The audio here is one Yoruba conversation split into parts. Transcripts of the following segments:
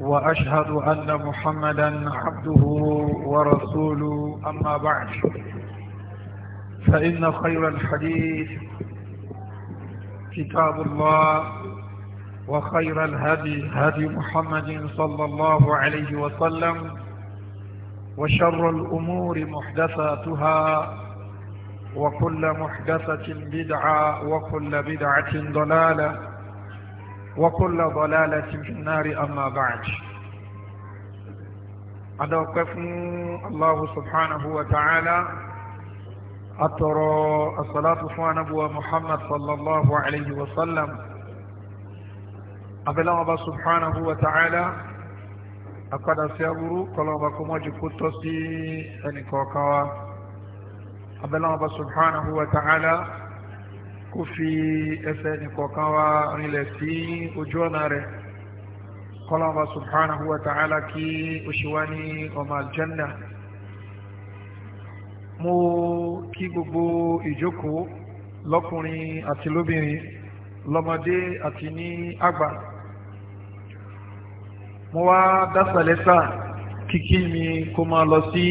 وأشهد أن محمدا عبده ورسوله أما بعد فإن خير الحديث كتاب الله وخير الهدي هدي محمد صلى الله عليه وسلم وشر الأمور محدثاتها وكل محدثة بدعة وكل بدعة ضلالة وكل ضلالة في النار أما بعد أدوقف الله سبحانه وتعالى أترى الصلاة فوانبوى محمد صلى الله عليه وسلم أبلا الله سبحانه وتعالى أقد سيغرو قلوبكم وجكتو سي أنكوكوا أبلا الله سبحانه وتعالى kó fi ẹsẹ̀ nìkọ̀ọ̀kan wa rinlẹ̀ sí ojú ọ̀nà rẹ̀ kọ́lọ́mà subhanahu wa ta'ala kí ó ṣe wá ní ọmọ aljanna mo kí gbogbo ìjókòó lọ́kùnrin àti lóbìnrin lọ́mọdé àti ní àgbà mo wá dásàlẹ́sà kíkí mi kó máa lọ sí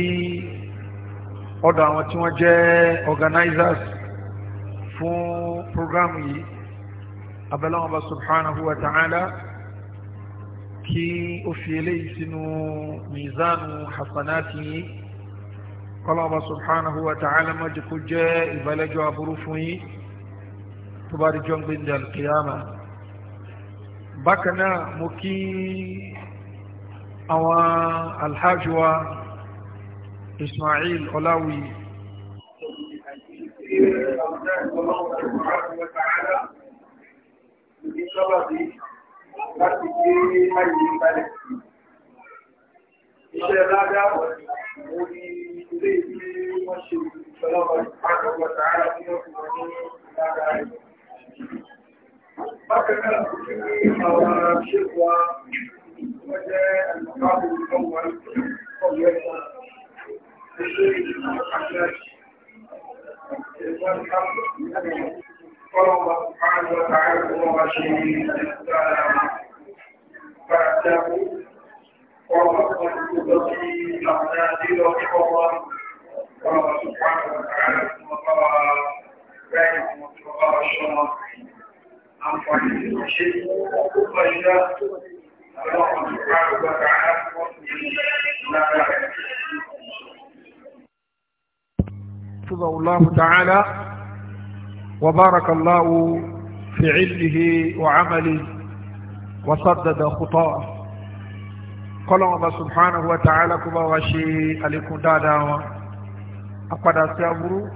ọ̀dọ̀ àwọn tí wọ́n jẹ́ organizers fún program yìí abẹ́láwọn bá subhanahu wa ta'ala kí ó fi eléyìí sínú mizanu hasanati yìí kọ́láwọn bá subhanahu wa ta'ala mọ́jú kó jẹ́ ìbálẹ́jọ́ aburú fún yìí tó bá alkiyama bákan mo kí àwọn alhaji ismail ọláwìyí láti gbé ayé kalẹ̀. Iṣẹ́ ládá wọ̀ ní ilé ìgbé wọ́n ṣe ìṣọ́lọ́wọ́ ìpàdọ̀wọ̀ tààrà ní ọkùnrin ní lára rẹ̀. Bákan náà kò sí ní àwọn ṣèkọ́ wọ́n jẹ́ àlùkáwò ìjọba ọ̀yẹ́kọ̀ọ́. Iṣẹ́ ìṣẹ́ Ọlọ́pàá àjọ ààrẹ tó wọ́n bá ṣe ní ìdára pàtàkì ọlọ́pàá tó lọ sí àwọn àdílọ ọwọ́ ọlọ́pàá ààrẹ tó wọ́n bá wà rẹ̀ ìwọ̀n tó bá wà ṣọ́nà àǹfààní tó ṣe ọkọ̀ ìdá ọlọ́pàá ààrẹ tó wọ́n bá ṣe ní ìdára حفظه الله تعالى وبارك الله في علمه وعمله وصدد خطاه قال الله سبحانه وتعالى كما وشي عليكم دادا أقد أسيابرو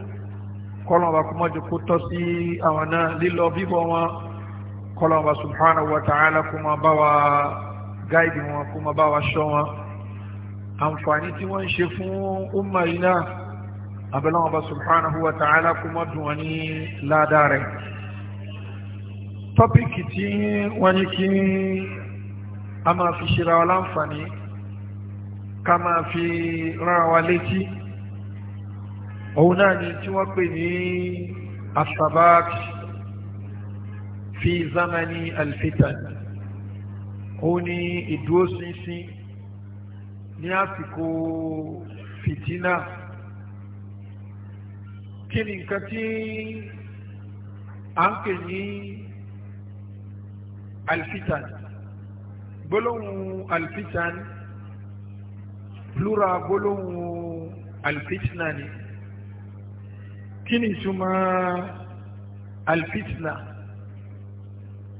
قال الله كما جكتسي أونا لله بيبوا قال الله سبحانه وتعالى كما بوا قايد وكما بوا شوا àǹfààní tí wọ́n ń ṣe fún umma abẹ́lẹ́wọ̀n bá subhanahu wa ta'ala kó mọ́ dùn wọn ní ládàá rẹ̀ tọ́pìkì tí wọ́n ní kí a máa fi ṣera wa láǹfààní ká máa fi rárá wa létí ni tí wọ́n pè ní asabat fi zamani alfitan òun ni ìdúróṣinṣin ní kí ni nǹkan tí à ń pè ní alifitan gbólóhùn alifitan plural gbólóhùn alifitna ni kí ni ìtumọ̀ alifitna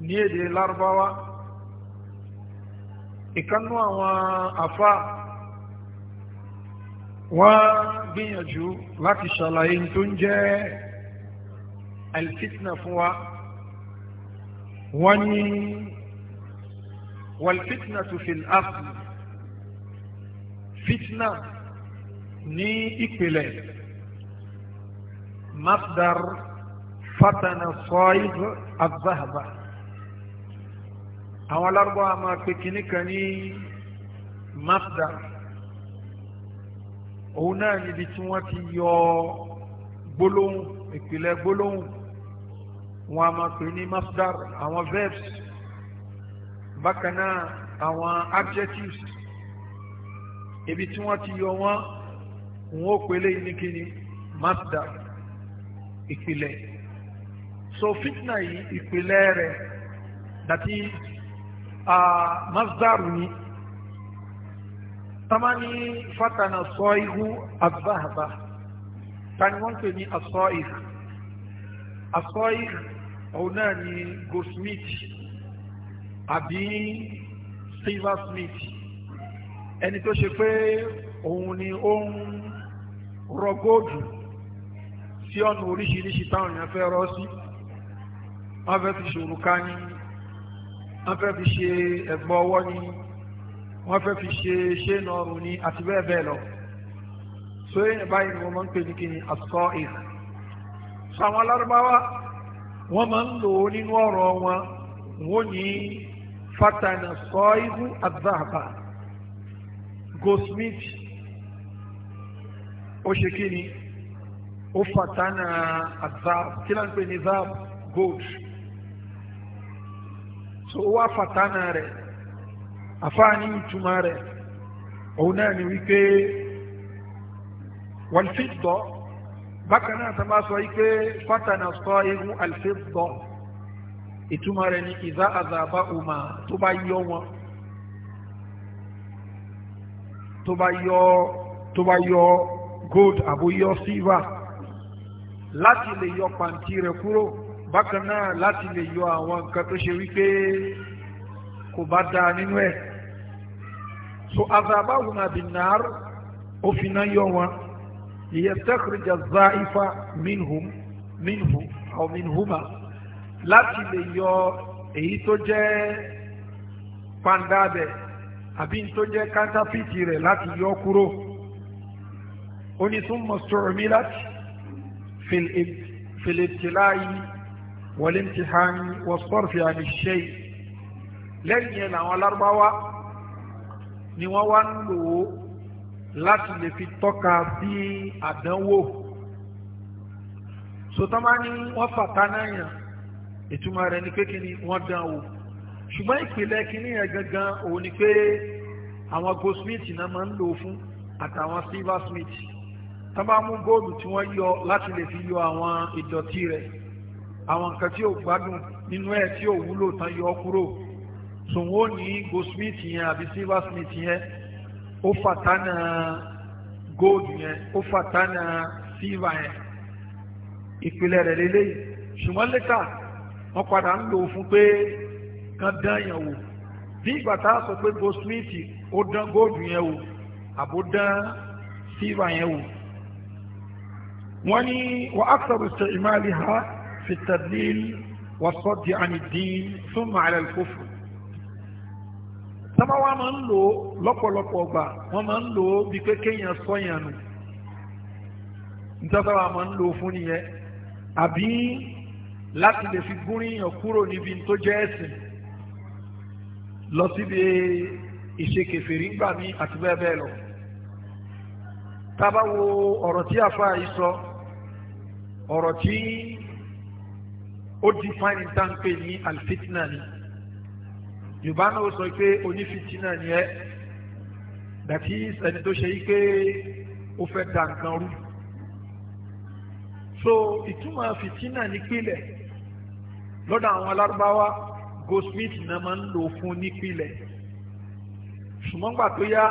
ní èdè lárúbáwá ìkànnú àwọn afa wọ́n gbìyànjú láti ṣàlàyé tó ń jẹ́ alfitna fún wa wọ́n ní walfitna tó fi asli fitna ní ìpìlẹ̀ masdar fatana sọ́ìd azahaba àwọn alárúbọ̀ àmà pé kìnnìkan ní masdar òun náà níbi tí wọ́n ti yọ gbólóhùn ìpìlẹ̀ gbólóhùn wọn a máa pè ní masdar àwọn verbs bákan náà àwọn adjectives ibi tí wọ́n ti yọ wọ́n wọn ó pèlè yìí ní masdar ìpìlẹ̀ so fitna yìí ìpìlẹ̀ rẹ̀ dàtí uh, ah, masdar ni tamani fatana sọ́ihu abáhàbá tani wọ́n pè ní asọ́ih asọ́ih òun náà ni goldsmith àbí silversmith ẹni tó ṣe pé òun ni ó ń rọ góòdù sí ọ̀nà oríṣiríṣi táwọn èèyàn fẹ́ rọ́ sí wọ́n fẹ́ fi ṣòro ká ní wọ́n fẹ́ fi ṣe ẹ̀gbọ́n ọwọ́ ní wọ́n fẹ́ fi ṣe ṣé nọrùn ni àti bẹ́ẹ̀ bẹ́ẹ̀ lọ so èèyàn báyìí wọ́n máa ń pè ní kíni asọ́ ìlú sàwọn alárúbáwá wọ́n máa ń lò ó nínú ọ̀rọ̀ wọn wọ́n ní fatana sọ ihu azahaba goldsmith ó ṣe kíni ó fatana azahab kí ló ń ní zahab gold so wá fatana rẹ̀ àfáàní ìtumọ̀ rẹ̀ òun náà ni wípé wàlfíìdọ̀ bákan náà tá a bá sọ wípé fatana sọ irú àlfíìdọ̀ ni ìdá azaba uma, tó bá yọ wọn tó bá yọ tó bá yọ gold àbó yọ silver láti lè yọ pàǹtí rẹ̀ kúrò bákan náà láti lè yọ àwọn nǹkan tó ṣe wípé kò bá dáa nínú so azabahuma binnar òfin náà yọ wọn ìyẹ́sẹ́kìrìjà záífà minhum minhu aw minhuma láti lè yọ èyí tó jẹ́ pandabẹ̀ àbí tó jẹ́ kántáfìtì rẹ̀ láti yọ kúrò onísùnmọ̀ sọ̀rọ̀mílát fìlìtìláyì wọlé ntìhánì wọ́sọ̀rọ̀fì àníṣẹ́yì lẹ́yìn yẹn làwọn lárúbáwá ni wọ́n wá ń lò ó láti lè fi tọ́ka bí àdánwò sotama ni wọ́n fàtà náà yàn ìtumọ̀ rẹ̀ ni pé kí ni wọ́n dán o ṣùgbọ́n ìpìlẹ̀ kínní yẹn gangan òun ni pé àwọn goldsmith náà máa ń lò ó fún àtàwọn silversmith tá bá mú góòlù tí wọ́n yọ láti lè fi yọ àwọn ìdọ̀tí rẹ̀ àwọn nǹkan tí ò gbádùn nínú ẹ̀ tí ò wúlò tán yọ ọ́ kúrò sòwò ní gold smith yẹn àbí silver smith yẹn ó fàtánà gold yẹn ó fàtánà silver yẹn ìpìlẹ̀ rẹ̀ lélẹ́yìí ṣùgbọ́n lẹ́tà wọ́n padà ń lò fún pé kan dán yẹn wò bí ìgbà tá a sọ pé gold smith ó dán gold yẹn wò àbó dán silver yẹn wò wọ́n ní wọ́n á sọ̀rọ̀ ìmáàlì ha fi tadlil wa saddi ani din thumma ala sábà wa máa ń lò ó lọ́pọ̀lọpọ̀ ọgbà wọ́n máa ń lò ó bí pé kéèyàn sọ́yàn nù nítorí sábà máa ń lò ó fún nìyẹn àbí láti lè fi gúnríyàn kúrò níbi tó jẹ́ ẹ̀sìn lọ síbi ìṣekèfèrí ńgbà mí àti bẹ́ẹ̀ bẹ́ẹ̀ lọ tá ọ̀rọ̀ tí àfa yìí sọ ọ̀rọ̀ tí ó define tá ń pè ní alfitna yorùbá náà sọ pé onífìtínà ni ẹ́ dàtí ẹni tó ṣe yí pé ó fẹ́ da nǹkan rú so ìtumọ̀ fìtínà nípìlẹ̀ lọ́dọ̀ àwọn alárúbáwá goldsmith náà máa ń lò fún nípìlẹ̀ ṣùgbọ́n gbà tó yá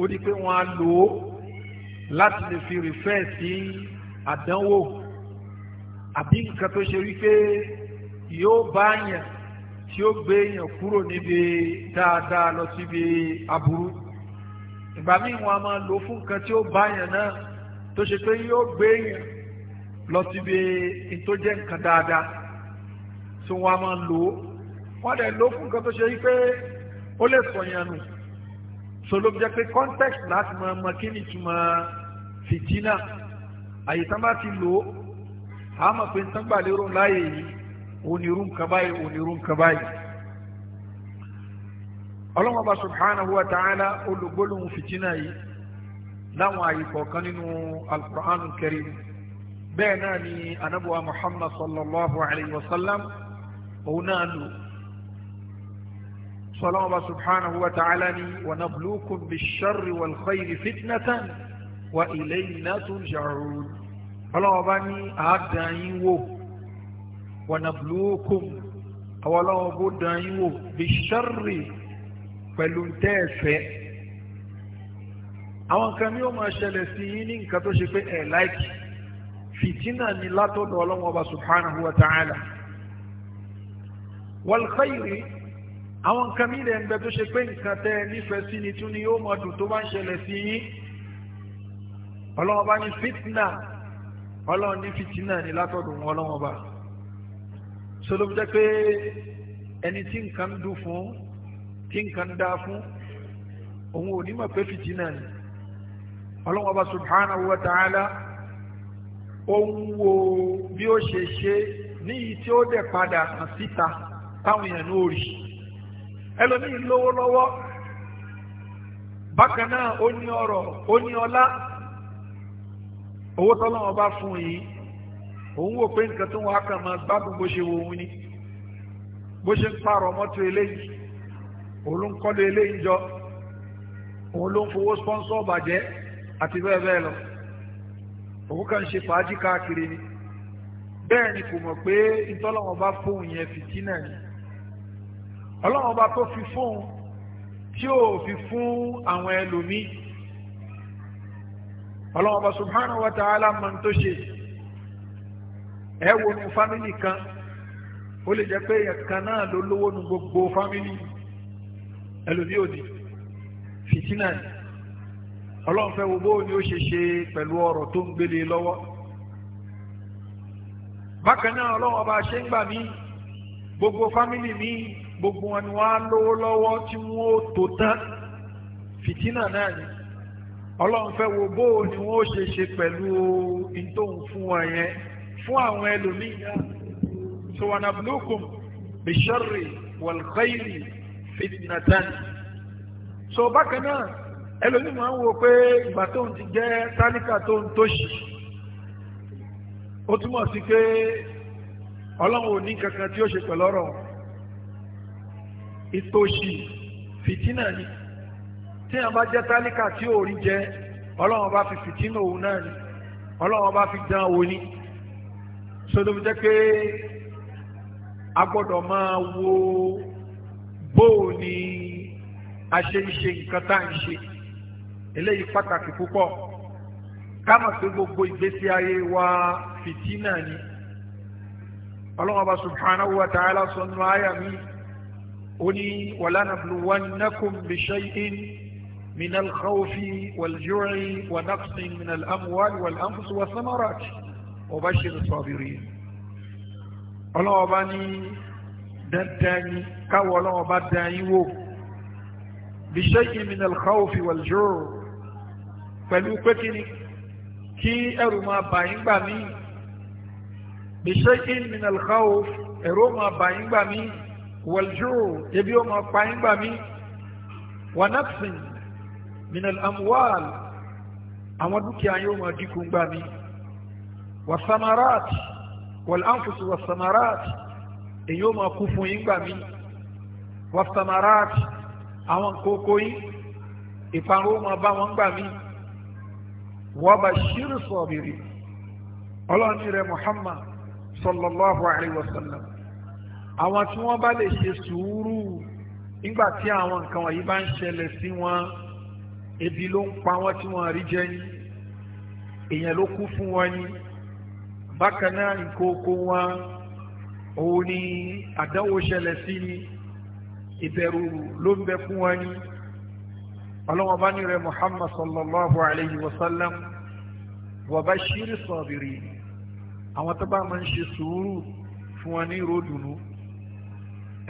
ó di pé wọ́n á lò ó láti lè fi rìfẹ́ sí àdánwò àbí nǹkan tó ṣe wípé yóò bá yàn tí ó gbé èèyàn kúrò níbi dáadáa lọ síbi aburú ìgbà míì wọn a máa lò fún nǹkan tí ó bá èèyàn náà tó ṣe pé yóò gbé èèyàn lọ síbi tó jẹ́ nǹkan dáadáa tí wọn a máa lò ó wọn dẹ̀ lò fún nǹkan tó ṣe yí pé ó lè sọ̀yàn nù sọlọ́ jẹ́ pé context láti máa mọ kí ni ìtumọ̀ fìtínà àyè tán bá ti lò ó àmọ̀ pé ń gbà lérò láàyè yìí onírú nǹkan báyìí onírú nǹkan báyìí ọlọ́wọ́n bá subhanahu wa ta'ala olùgbólóhùn fìtínà yìí láwọn àyè kọ̀ọ̀kan nínú al-Qur'an al-Karim bẹ́ẹ̀ náà ni anabuwa muhammad sallallahu alayhi wa sallam òun náà lò sọlọ́wọ́n bá subhanahu wa ta'ala ni wa nabluukum bish-sharri wal-khayri fitnatan wa ilayna turja'un ọlọ́wọ́n bá ní àádáyín wò wọnàbùlùkùn àwọn ọlọ́wọ́ bó dán yín wò bí sáré pẹ̀lú tẹ́ẹ̀fẹ́ àwọn nǹkan mi ò máa ṣẹlẹ̀ sí yín ní nǹkan tó ṣe pé ẹ̀ láìkì fìtínà ni látọ̀dọ̀ ọlọ́wọ́ ọba subhanahu wa ta'ala wàlùkọ́yìrì àwọn nǹkan mi rẹ̀ ń bẹ tó ṣe pé nǹkan tẹ́ ẹ nífẹ̀ẹ́ sí ni tún ni yóò máa dùn tó bá ń ṣẹlẹ̀ sí yín ọlọ́wọ́ bá ní fìtínà ọlọ́wọ́ ní fìtínà ni látọ̀dọ̀ ọlọ́wọ́ ọba so ló fi jẹ́ pé ẹni tí nǹkan dùn fún tí nǹkan dá fún òun ò ní mọ̀ pé fìtínà ni ọlọ́wọ́n ọba subhanahu wa ta'ala ó ń wo bí ó ṣe ṣe ní iye tí ó dẹ̀ padà hàn síta táwọn èèyàn ní orí ẹlòmíì lówó lọ́wọ́ bákan náà ó ní ọrọ̀ ó ní ọlá owó tọ́lọ́wọ́n bá fún yìí òun wò pé nǹkan tó ń wá kàn máa gbádùn bó ṣe wo òun ni bó ṣe ń pààrọ̀ mọ́tò eléyìí òun ló ń kọ́lé eléyìí jọ òun ló ń fowó spọ́nsọ́ bàjẹ́ àti bẹ́ẹ̀ bẹ́ẹ̀ lọ òun kàn ṣe fàájì káàkiri ni bẹ́ẹ̀ ni kò mọ̀ pé ìtọ́lọ́wọ́n bá fóun yẹn fìtínà ni ọlọ́wọ́n bá tó fi fóun tí ó fi fún àwọn ẹlòmíì ọlọ́wọ́n bá subhanahu wa ta'ala mọ̀ tó ṣe yìí ẹ wo nu fámìlì kan ó lè jẹ́ pé ẹ̀kan náà ló lówó nu gbogbo fámìlì ẹlòmíì òdì fìtínà ni ọlọ́run fẹ́ wo bóun ni ó ṣe ṣe pẹ̀lú ọ̀rọ̀ tó ń gbélé lọ́wọ́ bákan náà ọlọ́run ọba ṣe ń gbà mí gbogbo fámìlì mi gbogbo wọn ni wọ́n á lówó lọ́wọ́ tí wọ́n ó tó tán fìtínà náà ni ọlọ́run fẹ́ wo bóun ni wọ́n ó ṣe ṣe pẹ̀lú ohun tó ń fún wọn yẹn fún àwọn ẹlòmíyà so wa nabluukum bisharri wal khayri fitnatan so bákan náà ẹlòmíì máa ń wo pé ìgbà tó ń ti jẹ́ tálíkà tó ń tóṣì ó túmọ̀ sí pé ọlọ́run ò ní kankan tí ó ṣe pẹ̀lú ọ̀rọ̀ ìtòṣì fìtínà ni tí a bá jẹ́ tálíkà tí ò rí jẹ ọlọ́run bá fi fìtínà òun náà ni ọlọ́run bá fi dán òun ni sọdọ fi jẹ́ pé a gbọ́dọ̀ máa wo bóò ni a ṣe ń ṣe nǹkan tá à ń ṣe eléyìí pàtàkì púpọ̀ ká mọ̀ pé gbogbo ìgbésí ayé wa fìtínà ni ọlọ́run ọba subhanahu wa ta'ala sọ nínú àyà mi ó ní walanabluwannakum bishay'in minal khawfi wal ju'i wa naqsin minal amwali wal anfusi wa samarati ọbáṣẹ́lú sọ́bìrì ọlọ́wọ́ bá ní dandan yín káwọ́ ọlọ́wọ́ bá dan yín wò bí ṣẹ́yìn mi nàl káwọ́fì wà lóò pẹ̀lú pé kí ni kí ẹrù máa bà yín gbà mí bí ṣẹ́yìn mi nàl káwọ́fì ẹ̀rù máa bà yín gbà mí wà lóò ebi ó máa pa yín gbà mí wà nàfsìn mi nàl amwal àwọn dúkìá yóò máa dínkù gbà mí wasamarat wàlánfusu wasamarat èyí ó máa kú fún yín gbà mí wasamarat àwọn kókó yín ìparun ó máa bá wọn gbà mí wàbà ṣírí sọ̀bìrì ọlọ́ọ̀ni rẹ̀ Muhammad sallallahu alayhi wa sallam àwọn tí wọ́n bá lè ṣe sùúrù nígbà tí àwọn nǹkan wọ̀nyí bá ń ṣẹlẹ̀ sí wọn ebi ló ń pa wọ́n tí wọ́n rí jẹ ní èèyàn ló kú fún wọn ní bákan náà ìkókó wọn òun ni àdánwò ṣẹlẹ̀ sí ni ìbẹ̀rù ló ń bẹ fún wọn ni ọlọ́wọ́n bá ní rẹ̀ Muhammad sallallahu alayhi wa sallam wa bashiri sabirin àwọn tó bá máa ń ṣe sùúrù fún wọn ní ròdùnú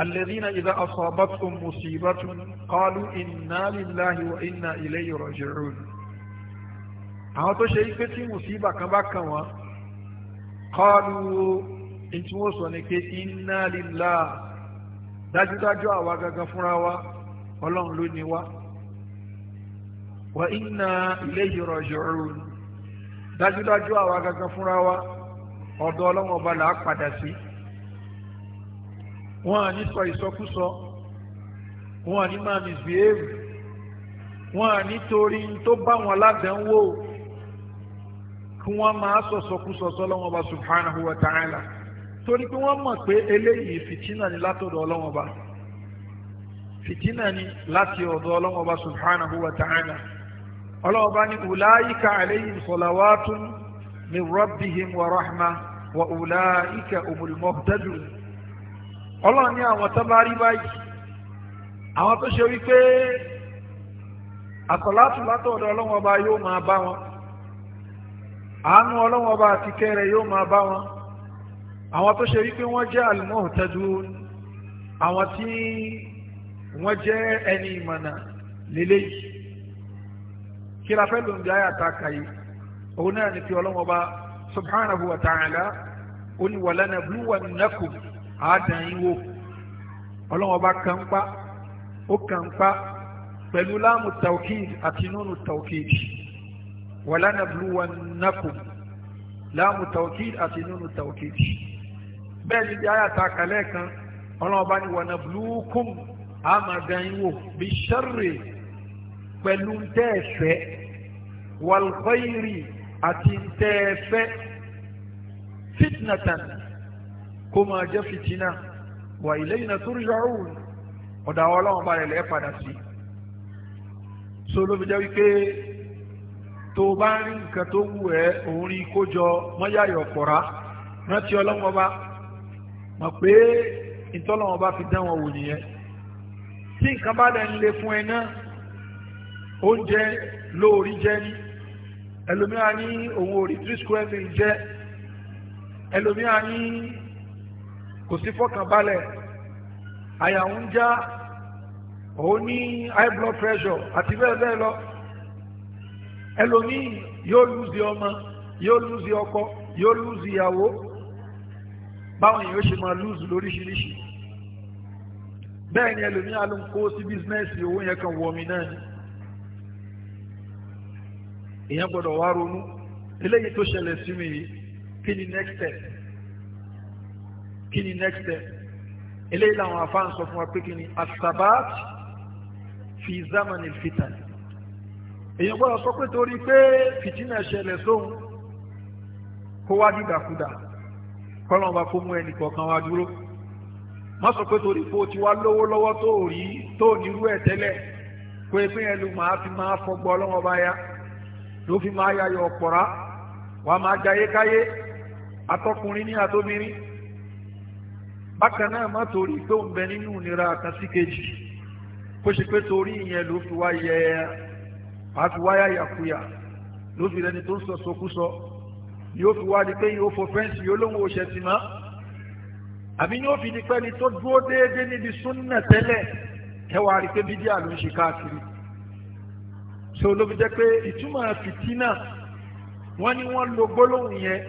alladhina idha asabathum musibatun qalu inna lillahi wa inna ilayhi raji'un àwọn tó ṣe ikpe tí kọlu tí wọ́n sọ ní pé inna lillahi dájúdájú àwa gangan fúnra wa ọlọ́run ló ní wa wa inna ilayhi raji'un dájúdájú àwa gangan fúnra wa ọ̀dọ̀ ọlọ́run ọba là á padà sí wọn à sọ ìsọkúsọ wọn máa wọn torí tó bá wọn ń kí wọ́n máa sọ̀sọ̀kúsọ sọ́lọ́wọ́n subhanahu wa ta'ala torí pé wọ́n mọ̀ pé eléyìí fìtínà ni látọ̀dọ̀ ọlọ́wọ́n fìtínà ni láti ọ̀dọ̀ ọlọ́wọ́n subhanahu wa ta'ala ọlọ́wọ́n ni ulaika alayhim salawatun min rabbihim wa rahma wa ulaika umul muhtadun ọlọ́wọ́n ní àwọn tábàárí báyìí àwọn tó ṣe wípé yóò máa bá wọn. àánú ọlọ́wọ́n ọba àti kẹrẹ yóò máa bá wọn àwọn tó ṣe wípé wọ́n jẹ́ al-muhtadun àwọn tí wọ́n jẹ́ ẹni ìmọ̀nà lélẹ́yìí kí la fẹ́ lòun bí ayé àtàkà yìí òun náà ni kí ọlọ́wọ́n ọba subhanahu wa ta'ala ó ní àádàn yín wò ọlọ́wọ́n ọba kàn ń pa ó kàn ń pa pẹ̀lú láàmù tawkid àti nùnù tawkid walanabluwannakum láàmù tawkid àti nínú tawkid bẹ́ẹ̀ ni bí ayàtà kalẹ̀ kan ọlọ́ọ̀bá ni wanablukum amadanwo bí sharri pẹ̀lú tẹ́ẹ̀fẹ́ walkhairi àti tẹ́ẹ̀fẹ́ fitnatan kó máa jẹ́ fitina wà ilayna turja'un ọ̀dà ọlọ́ọ̀bá rẹ̀ lẹ́ẹ̀ padà sí. so ló fi jẹ́ wípé tó bá ń rí nǹkan tó wù ẹ́ òun rí kójọ mọ́yàyọ̀ pọ̀ra rántí ọlọ́wọ́n bá mọ̀ pé ìtọ́lọ́wọ́n bá fi dán wọn wò nìyẹn tí nǹkan bá dẹ̀ ń le fún ẹ náà oúnjẹ lóòrí jẹ́ ní ẹlòmíràn ní òun ò rí three square feet jẹ́ ẹlòmíràn ní kò sí fọkànbalẹ̀ àyà ń já òun ní high blood pressure àti bẹ́ẹ̀ bẹ́ẹ̀ lọ ẹlòmíì yóò lùzì ọmọ yóò lùzì ọkọ yóò lùzì ìyàwó báwọn èèyàn ṣe máa lùzì lóríṣiríṣi bẹ́ẹ̀ ni ẹlòmíì ló ń kó sí bísínẹ́sì owó yẹn kan wọ̀mí náà ni èèyàn gbọ́dọ̀ wá ronú eléyìí tó ṣẹlẹ̀ sí mi yìí kí ni next step kí ni next step eléyìí làwọn afáàn sọ fún wa pé kí ni asabat fi zamani fitan èyàn gbọ́dọ̀ sọ pé torí pé fìtínà ṣẹlẹ̀ sóhun kó wá dídàkudà kọ́lọ́n bá kó mú ẹnì kọ̀ọ̀kan wá dúró má sọ pé torí pé o ti wá lówó lọ́wọ́ tó rí tó nírú ẹ̀ tẹ́lẹ̀ pé pín ẹlú màá fi máa fọgbọ́ ọlọ́wọ́ bá yá ló fi máa yayọ̀ ọ̀pọ̀ra wà á máa jayé káyé atọ́kùnrin ní bákan náà má torí pé òun bẹ a fi wáyà yàkuyà ló fi rẹni tó ń sọ sọkúsọ yóò fi wá di pé yóò fọ fẹ́ǹsì yóò lóun oṣẹ tì mọ́ àbí yóò fi di pé ni tó dúró déédéé níbi súnà tẹ́lẹ̀ ẹwà rí pé bídíà ló ń ṣe káàkiri so ló fi jẹ́ pé ìtumọ̀ fìtínà wọ́n ní wọ́n lo gbólóhùn yẹn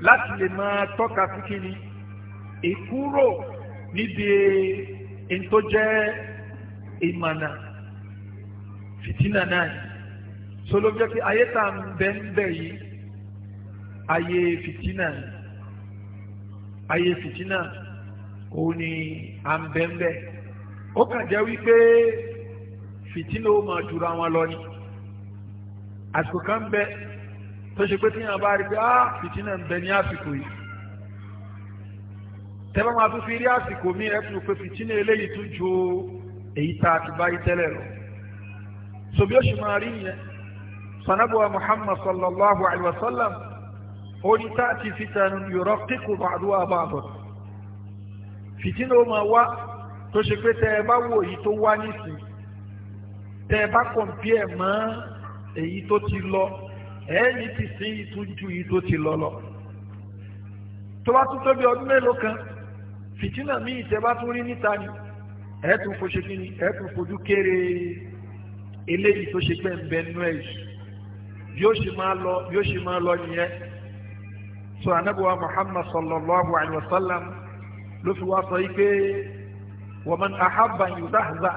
láti lè máa tọ́ka kíkiri ìkúrò níbi èyí tó jẹ́ ìmọ̀nà. Fitina náà ni so ló jẹ́ pé ayé tá à ń bẹ́ ń bẹ̀ yìí ayé fìtínà ni ayé fìtínà òun ni à ń bẹ́ ń bẹ̀ ó kàn jẹ́ wípé fìtínà ó máa dúró àwọn lọ ni àsìkò kan ń bẹ tó ṣe pé tíyàn bá rí pé á ah, fìtínà ń bẹ ní àsìkò yìí tẹ́lá máa tún fi rí àsìkò mi ẹ̀ fún un pé fìtínà eléyìí tún ju èyí tá a ti bá yí tẹ́lẹ̀ lọ so bí ó ṣe máa rí yẹn sanabuwa muhammad sallallahu alaihi wa sallam ó ní táàtì fitan yuraqiqu ba'duha ba'dan fìtínà ó máa wá tó ṣe pé tẹ ẹ bá wo èyí tó wá nísìn tẹ ẹ bá kọ̀m̀pí ẹ̀ mọ́ èyí tó ti lọ ẹ̀ẹ́ni ti sin ìtújú èyí tó ti lọ lọ tó bá tún tóbi ọdún mélòó kan fìtínà míì bá tún rí níta ni ẹ̀ẹ́ fojú kéré eléyìí tó ṣe pé ń bẹ nú ẹ̀ yìí yóò ṣe máa lọ nìyẹn so anabiwa muhammad sallallahu alayhi wa sallam ló fi wá sọ yìí pé wa man ahabba yudahza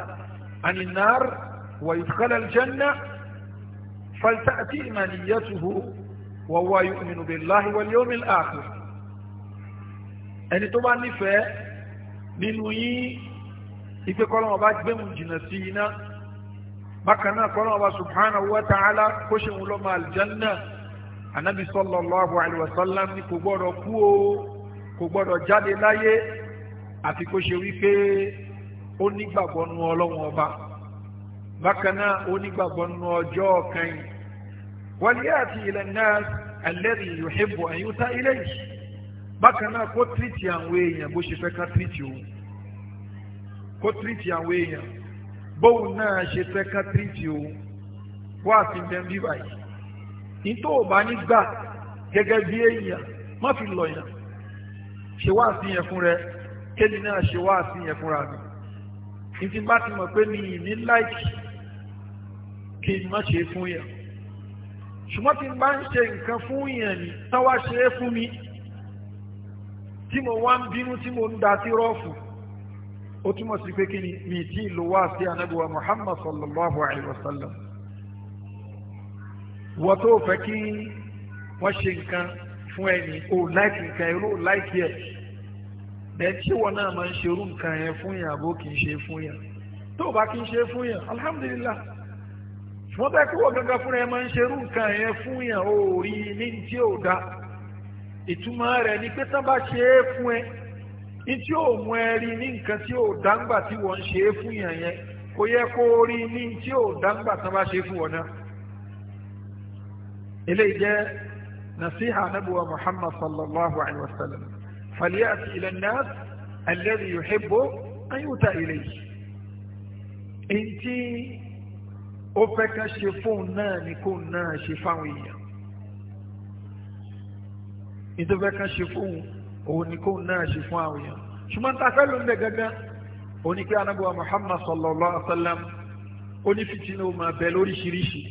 ani nar wa yudkhala aljanna falta'ti imaniyatuhu wa huwa yu'minu billahi wal yawmil akhir ẹni tó bá nífẹ̀ẹ́ nínú yín ìpè kọ́lọ́mọba jìnnà sí iná bákan náà kọ́lọ́ ọba subhanahu wa ta'ala kó ṣe wọn lọ́mọ àlùjánná anabi sallallahu alayhi wa sallam ni kò gbọ́dọ̀ kú o kò gbọ́dọ̀ jáde láyé àfi kó ṣe wípé ó nígbàgbọ́ nu ọlọ́wọ́n ọba bákan náà ó nígbàgbọ́ nu ọjọ́ kan yìí waliyati ila nas alladhi yuhibbu an yuta ilayhi bákan náà kó tìrìtì àwọn èèyàn bó ṣe fẹ́ ká tìrìtì òun kó tìrìtì àwọn èèyàn bóun náà ṣe fẹ́ ká tírìtì o wá sí bẹ́ẹ̀ bí báyìí nítò bá ní gbà gẹ́gẹ́ bí èèyàn má fi lọ yàn ṣe wá sí yẹn fún rẹ kéde náà ṣe wá sí yẹn fúnra mi ìdí bá ti mọ̀ pé mi ì láìkì kí n má ṣe fún yàn ṣùgbọ́n tí n bá ń ṣe nǹkan fún yàn ni táwa ṣe é fún mi tí mo wá ń bínú tí mo ń da sí rọ́ọ̀fù ó túmọ̀ sí pé kí ni mi tí ìlú wá sí anábíwá muhammad sallallahu alayhi wa sallam wọ́n tó fẹ́ kí wọ́n ṣe nǹkan fún ẹni o láìkì nǹkan ẹ̀rọ láìkì ẹ̀ bẹ́ẹ̀ tí wọn náà máa ń ṣerú nǹkan yẹn fún yàn àbó kì í ṣe fún yàn tó bá kì í ṣe fún yàn alhamdulillah wọ́n bẹ́ẹ̀ kí wọ́n gangan fúnra ẹ máa ń ṣerú nǹkan yẹn fún yàn ó rí ní tí ò da ìtumọ̀ rẹ̀ ni pé tán bá ṣe é fún ẹ ìtí ò mú ẹ rí ní nǹkan tí ò dáńgbà tí wọ́n ń ṣe é fún yàn yẹn kò yẹ kó rí ní tí ò dáńgbà tí wọ́n bá nasiha anabuwa muhammad sallallahu alayhi wa sallam faliyati ila nas alladhi yuhibbu an yuta ilayhi. ìtí ó fẹ́ ká ṣe fóun náà ni kóun náà ṣe fáwọn èèyàn. òun ni kóun náà ṣe fún àwọn èèyàn ṣùgbọ́n tá a fẹ́ ló ń bẹ gangan òun ni pé anábọ̀ Muhammad sallallahu alaihi wa sallam onífìtínà ó máa bẹ lóríṣiríṣi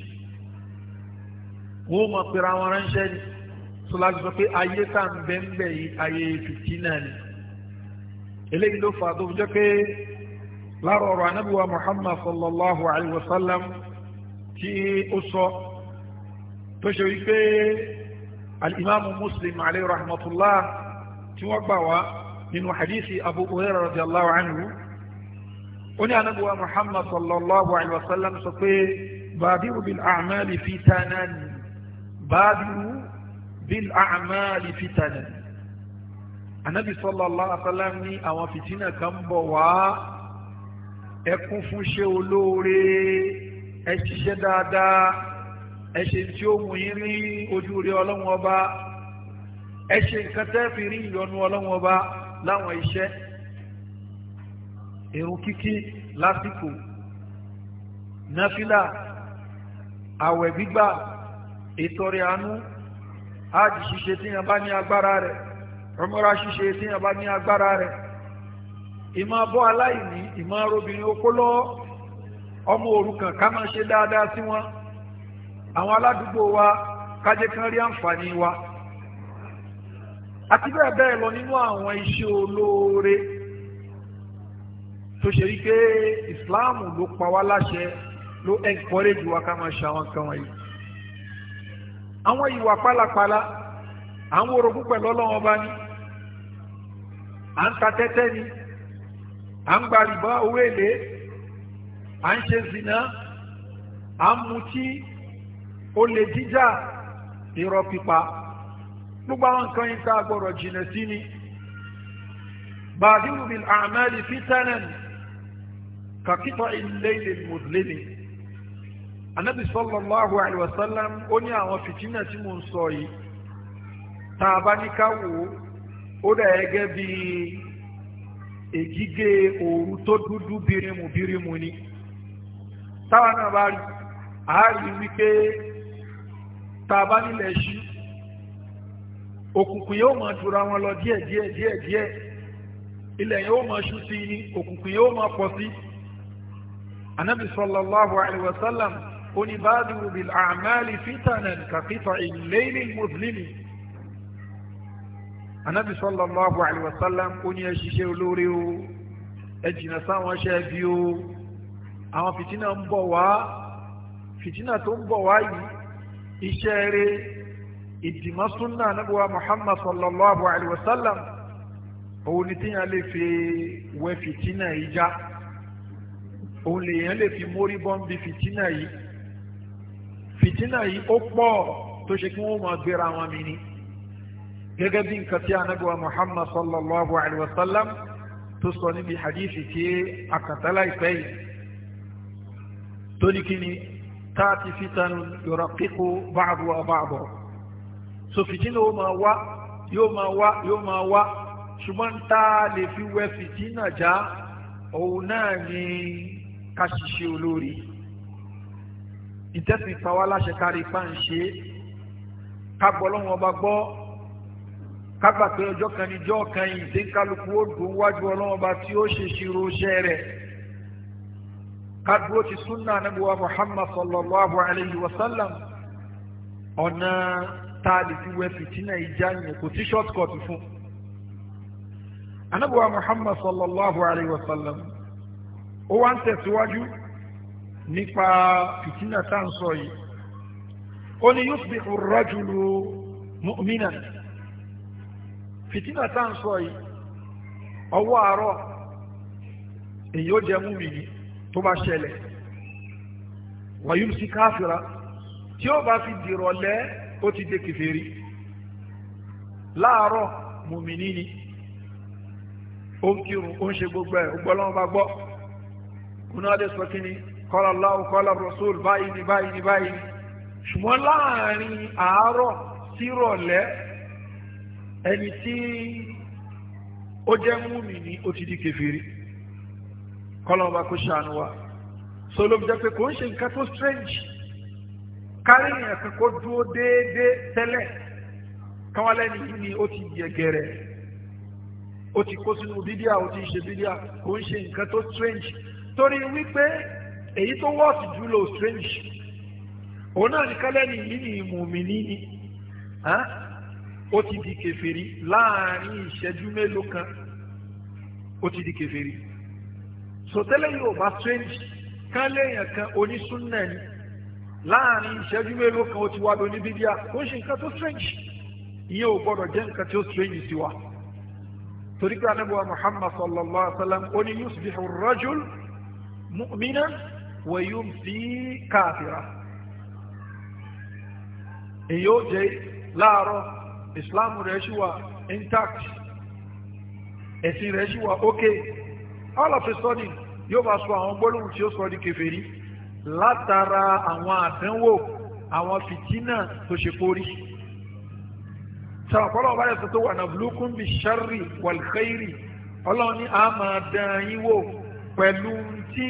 wọ́n máa pera wọn ránṣẹ́ ni sọlájú sọ pé ayé tá à ń bẹ ń bẹ yìí ayé fìtínà ni eléyìí ló fà á tó fi jẹ́ pé lára ọ̀rọ̀ anábíwá muhammad sallallahu alayhi wa sallam tí ó sọ tó ṣe wípé alimami muslim alayhi rahmatullah tí wọ́n gbà wá nínú hadithi abu huraira radiyallahu anhu ó ní anabuwa muhammad sallallahu alayhi wa sallam sọ pé badiru bil a'mali fitanani badiru bil a'mali fitanani anabi sallallahu alayhi wa sallam ní àwọn fitina kan bọ̀ wá ẹ kún fún ṣe olóore ẹ ṣiṣẹ́ dáadáa ẹ ṣe tí ó mú yín rí ojú rí ọlọ́run ọba. e ṣe nǹkan tẹ́ fi rí ìyọnu ọlọ́wọ́n bá láwọn iṣẹ́ irun kíkí lásìkò náfìlà àwẹ̀ gbígbà ìtọrẹ àánú ájì ṣíṣe tí yẹn bá ní agbára rẹ̀ ọmọra ṣíṣe tí yẹn bá ní agbára rẹ̀ ìmọ̀ abọ́ aláìní ìmọ̀ arobìnrin wa kájẹ́ kan rí wa. àti bẹ́ẹ̀ bẹ́ẹ̀ lọ nínú àwọn iṣẹ́ olóore tó ṣe rí pé ìsìláàmù ló pa wá láṣẹ ló encourage wa ká máa ṣe àwọn kan wọ̀nyí. àwọn ìwà pálapàla à ń wòrò púpẹ̀ lọ́lọ́wọ́n bá ní à ń ta tẹ́tẹ́ ni à ń gba owó èlé à ń ṣe zina à ń mutí olè jíjà irọ́ gbogbo àwọn nǹkan yìí tá a gbọ́dọ̀ jìnà sí ni bàdínú bil àmàlì fitanan kàkítọ̀ ilé ilé mùsùlùmí anabi sallallahu alayhi wa sallam ó ní àwọn fìtínà tí mò ń sọ yìí tá a bá ní ká wò ó ó dà gẹ́gẹ́ bí ègígé òru tó dúdú bírímù bírímù ni táwa náà bá rí àárí wípé tá a bá nílẹ̀ ṣú òkùnkùn yóò máa tura wọn lọ díẹ̀ díẹ̀ díẹ̀ díẹ̀ ilẹ̀ yóò máa ṣú sí ní òkùnkùn yóò máa pọ̀ sí anabi sallallahu alayhi wa sallam oníbàdù bil àmàlì fitanan kàkítà ìlẹ́yìn mùsùlùmí anabi sallallahu alayhi wa sallam oní ẹṣiṣẹ́ olóore o ẹ jìnnà sáwọn ṣẹ́ bí o àwọn fìtínà ń bọ̀ wá fìtínà tó ń bọ̀ wá yìí iṣẹ́ rẹ̀ ìdìmọ́ súnà nígbà muhammad sallallahu alayhi wa sallam òun ni tíyan lè fi wẹ fìtínà yìí já òun lèèyàn lè fi mórí bọ́m̀bì fìtínà yìí fìtínà yìí ó pọ̀ tó ṣe kí wọ́n máa gbéra wọn mi ni gẹ́gẹ́ bí nǹkan tí ànábì muhammad sallallahu alayhi wa sallam tó sọ níbi hadithi tí akàtàlá ìpẹ́ yìí tó kí ni táàtì fitan yuraqiqu ba'duha ba'dan so fìtínà ó máa wá yóò máa wá yóò máa wá ṣùgbọ́n tá lè fi wẹ fìtínà já òun náà ni ká ṣiṣẹ́ olórí ìtẹ́sìn pàwọ́ aláṣẹ kárí ipá ń ṣe ká gbọ́ lọ́wọ́ ọba gbọ́ ká gbà pé ọjọ́ kan ní jọ́ kan yìí tí kálukú ó dùn wájú ọlọ́wọ́ ọba tí ó ṣe ṣirò iṣẹ́ rẹ̀ ká dúró ti súnà anábíwá Muhammad sallallahu alayhi wa sallam ọ̀nà tá a lè fi wẹ fìtínà ìjà yẹn kò sí short cut fún. anábùwà muhammad sallallahu alayhi wa sallam ó wá ń tẹ̀síwájú nípa fìtínà tá à ń sọ yìí ó ní yusbihu rajulu mu'minan fìtínà tá à ń sọ yìí ọwọ́ àárọ̀ èyí ó jẹ́ múmìnì tó bá ṣẹlẹ̀ wàyúmsí káfíra tí ó bá fi dìrọ̀lẹ́ ó ti dé kèfèrí láàárọ̀ mùmíní ni ó ń kírun ó ń ṣe gbogbo ẹ̀ ó bá gbọ́ kùnà sọ kí ni qala Allahu qala Rasul báyìí ni báyìí ni báyìí ni ṣùgbọ́n láàárín àárọ̀ sírọ̀lẹ́ ẹni tí ó jẹ́ mùmíní ó ti di kèfèrí kọ́lọ́wọ́ bá kó ṣàánú wa so ló jẹ́ pé kò ń ṣe nǹkan tó strange káríyàn kan kó dúró déédéé tẹ́lẹ̀ káwálẹ́ni yìí ni ó ti yẹ gẹ̀rẹ̀ ó ti kó sínú bídíà ó ti ṣe bídíà kò ń ṣe nǹkan tó strange torí wípé èyí tó wọ́ọ̀sì jù lọ strange òun náà ní kálẹ́ni yìí ni mùmíní ni ó ti di kèfèrí láàrin ìṣẹ́jú mélòó kan ó ti di kèfèrí sọtẹ́lẹ̀ yóò bá strange kálẹ́yìn kan onísúnnà ni láàrin ìṣẹ́jú mélòó kan ó ti wá lóní bídíà ó ń ṣe nǹkan tó strange ìyẹn ò gbọ́dọ̀ jẹ́ nǹkan tí ó strange sí wa torí pé anábọ̀ muhammad sallallahu alaihi wa sallam ó ní yusbihu rajul mu'mina wa yumsi káfíra èyí ó jẹ́ láàárọ̀ islam rẹ̀ ṣì wà intact ẹ̀sìn rẹ̀ ṣì wà okay all of a sudden yóò bá sọ àwọn gbólóhùn tí ó sọ di kèfèrí látara àwọn àdánwò àwọn fìtínà tó ṣe kórí sọ̀rọ̀ ọlọ́run bá yẹ tó wà náà bulukun bi sari walxeiri ọlọ́run ní a máa dán yín wò pẹ̀lú tí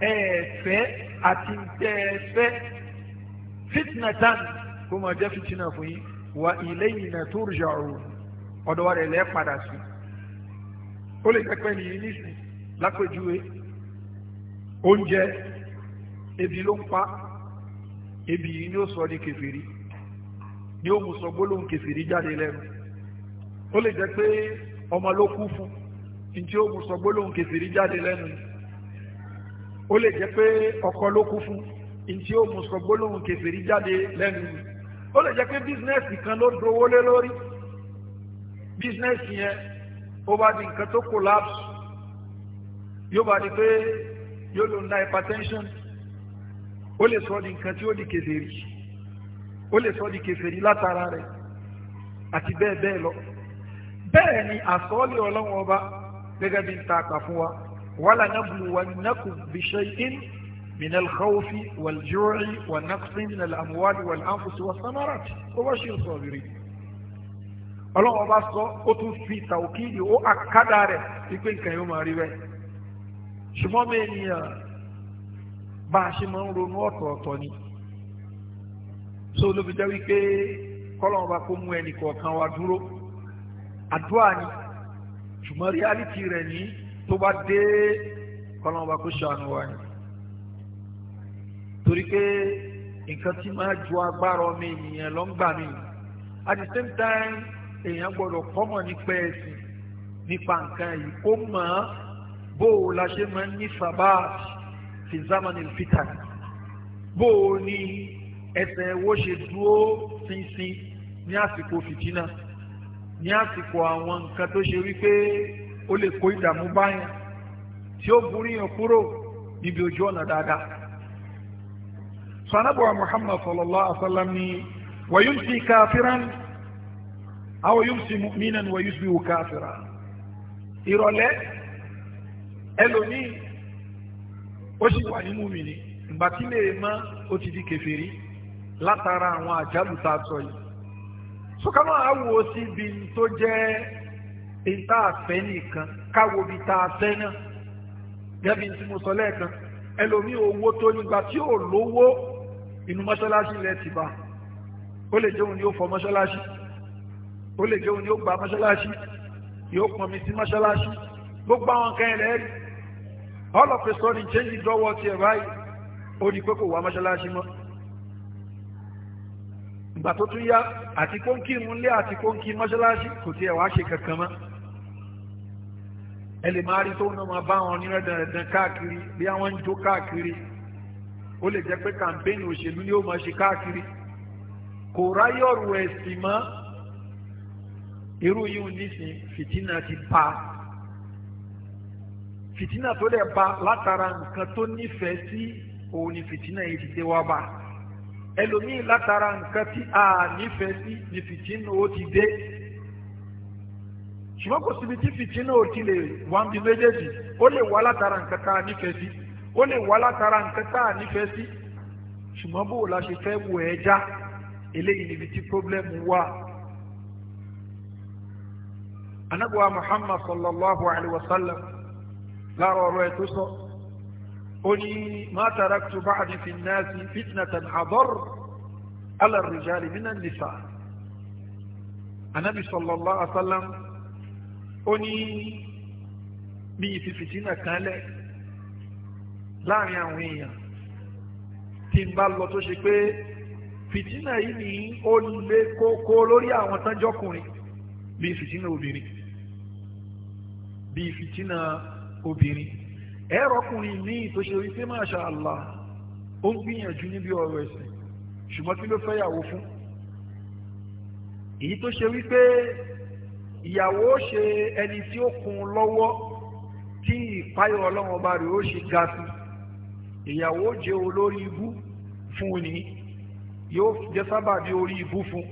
ẹ àti tẹ́ fitna tan kó máa jẹ́ fitna fún yín wa ilayna turja'un ọ̀dọ̀ wa rẹ̀ lẹ́ padà sí. ó lè jẹ́ pé nìyí nísìnyí lápèjúwe oúnjẹ ebi ló ń pa ebi yìí ni ó sọ ní kẹfìrí ni ó mú sọ gbólóhùn kẹfìrí jáde lẹ́nu ó lè jẹ́ pé ọmọ ló kú fún ní tí ó mú sọ gbólóhùn kẹfìrí jáde lẹ́nu ó lè jẹ́ pé ọkọ ló kú fún ní tí ó mú sọ gbólóhùn kẹfìrí jáde lẹ́nu ó lè jẹ́ pé bísínẹ́sì kan ló dowó lé lórí bísínẹ́sì yẹn ó bá di nǹkan tó collapse yóò bá di pé yóò lò ń da hypertension ó lè sọ di nǹkan tí ó di kèfèrí ó lè sọ di kèfèrí látara rẹ̀ àti bẹ́ẹ̀ bẹ́ẹ̀ lọ bẹ́ẹ̀ ni àsọ́ọ́lẹ̀ ọlọ́run ọba gẹ́gẹ́ bí n ta àkà fún wa wàlà nabluwannakum bishay'in min alkhawfi walju'i wa naqsin min alamwali walanfusi wasamarati wa bashir sabirin ọlọ́run ọba sọ ó tún fi tàwùkìlì ó àkádà rẹ̀ wípé nǹkan yóò máa rí bẹ́ẹ̀ ṣùgbọ́n mi ènìyàn bá a ṣe máa ń ronú ọ̀tọ̀ọ̀tọ̀ ni so ló fi jẹ́ wípé kọ́lọ́n ọba kó mú ẹnì kọ̀ọ̀kan wa dúró àdúrà ni ṣùgbọ́n reality rẹ̀ ní tó bá dé kọ́lọ́n ọba kó ṣàánú wa ni torí pé nǹkan tí máa ju agbára ọmọ ènìyàn lọ ń gbà mí at the same time èèyàn gbọ́dọ̀ kọ́mọ̀ nípa ẹ̀sìn nípa nǹkan yìí kó mọ̀ bó o la ṣe máa ń ní sabat fi zamani fitan bó o ní ẹsẹ̀ wo ṣe dúró ṣinṣin ní àsìkò fìtínà ní àsìkò àwọn nǹkan tó ṣe wípé ó lè kó ìdààmú báyìí tí ó burú yàn kúrò níbi ojú ọ̀nà dáadáa. sanabu wa muhammad sallallahu alaihi wa sallam ni wa yumsi kafiran aw yumsi mu'minan wa yusbihu kafiran. ìrọ̀lẹ́ ẹlòmíì ó sì wà ní mùmìnì ìgbà tí lè mọ́ ó ti di kèfèrí látara àwọn àjálù tá a sọ yìí sọkàmọ àwò síbi tó jẹ́ ìta àfẹ́ nìkan káwo bí ta àfẹ́ náà gẹ́bí tí mo sọ lẹ́ẹ̀kan ẹlòmíì owó tó nígbà tí ò lówó inú mọ́ṣáláṣí lẹ ti bá ó lè jẹ́ òun ni ó fọ mọ́ṣáláṣí ó lè jẹ́ ni ó gba mọ́ṣáláṣí yóò pọnmi sí mọ́ṣáláṣí gbogbo àwọn kan ẹ̀ lẹ́ẹ̀rí all of a sudden change dọ́wọ́ tiẹ̀ báyìí ó di pé kò wá mọ́ṣáláṣí mọ́ ìgbà tó tún yá àti kóńkì ńlé àti kóńkì mọ́ṣáláṣí kò tiẹ̀ wá ṣe kankan mọ́ ẹ lè máa rí tó náà máa bá wọn ní rẹ̀dẹ̀rẹ̀dẹ̀ káàkiri bí àwọn ń jó káàkiri ó lè jẹ́ pé kàmpéènì òṣèlú ni ó máa ṣe káàkiri kò ráyè ọ̀rọ̀ ẹ̀sìn mọ́ irú yìí nísìn fìtínà ti pa fìtínà tó dẹ̀ bá látara nǹkan tó nífẹ̀ẹ́ sí òun ni fìtínà yìí ti dé wá bá ẹlòmíì látara nǹkan tí a nífẹ̀ẹ́ sí ni fìtínà ó ti dé ṣùgbọ́n kò síbi tí fìtínà ò ti lè wá bí méjèèjì ó lè wá látara nǹkan tá a nífẹ̀ẹ́ sí ó lè wá látara nǹkan tá a nífẹ̀ẹ́ sí ṣùgbọ́n bó o la ṣe fẹ́ wọ ẹ já eléyìí níbi tí pọ́blẹ́mù wà. anábọ̀wá muhammad sallallahu alayhi wa sallam lára ọ̀rọ̀ ẹ̀ tó sọ ó ní ma taraktu ba'di fi nnaasi fitnatan adar ala rijali minan nisa anabi sallallahu alaihi wasallam ó ní bí ìfìfìtínà kan lẹ̀ láàrin àwọn èèyàn tí ń bá lọ tó ṣe pé fìtínà yìí ni ó kókó lórí àwọn tánjọ́kùnrin bí fìtínà obìnrin bí fìtínà obìnrin ẹ̀rọ ọkùnrin míì tó ṣe wípé masha Allah ó ń gbìyànjú níbi ọ̀rọ̀ ẹ̀sìn ṣùgbọ́n kí ló fẹ́ yàwó fún èyí tó ṣe wípé ìyàwó ṣe ẹni tí ó kún lọ́wọ́ tí ìpáyọ̀ ọlọ́run ọba rẹ̀ ó ṣe ga sí ìyàwó jẹ́ olórí ibú fún un ní yóò jẹ́ sábàbí orí ibú fún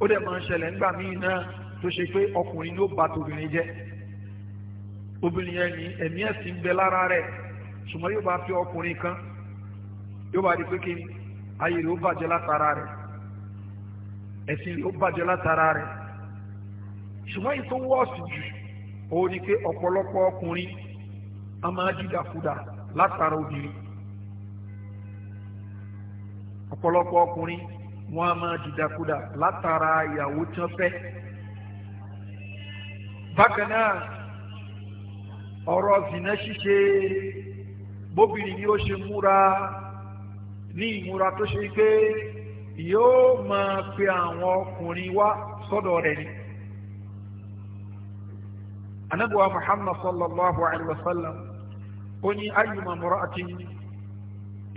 ó dẹ̀ máa ń ṣẹlẹ̀ nígbà míì náà tó ṣe pé ọkùnrin ló bà tòbìnrin jẹ́ obìnrin yẹn ní ẹ̀mí ẹ̀sìn ń bẹ lára rẹ̀ ṣùgbọ́n yóò bá fi ọkùnrin kan yóò bá di pé kí ayé rẹ̀ ó bàjẹ́ látara rẹ̀ ẹ̀sìn rẹ̀ ó bàjẹ́ látara rẹ̀ ṣùgbọ́n yìí tó wọ́ọ̀sì jù òun ni pé ọ̀pọ̀lọpọ̀ ọkùnrin a máa dídàkudà látara obìnrin ọ̀pọ̀lọpọ̀ ọkùnrin wọn a máa dìdàkudà látara ìyàwó tí wọ́n fẹ́. bákan náà ọ̀rọ̀ zìnà ṣíṣe bóbìnrin yóò ṣe múra ní ìmúra tó ṣe pé yóò máa pe àwọn ọkùnrin wá sọ́dọ̀ rẹ̀ ni. anabuwa muhammad sallallahu alaihi wa sallam ó ní ayyuma mura'atin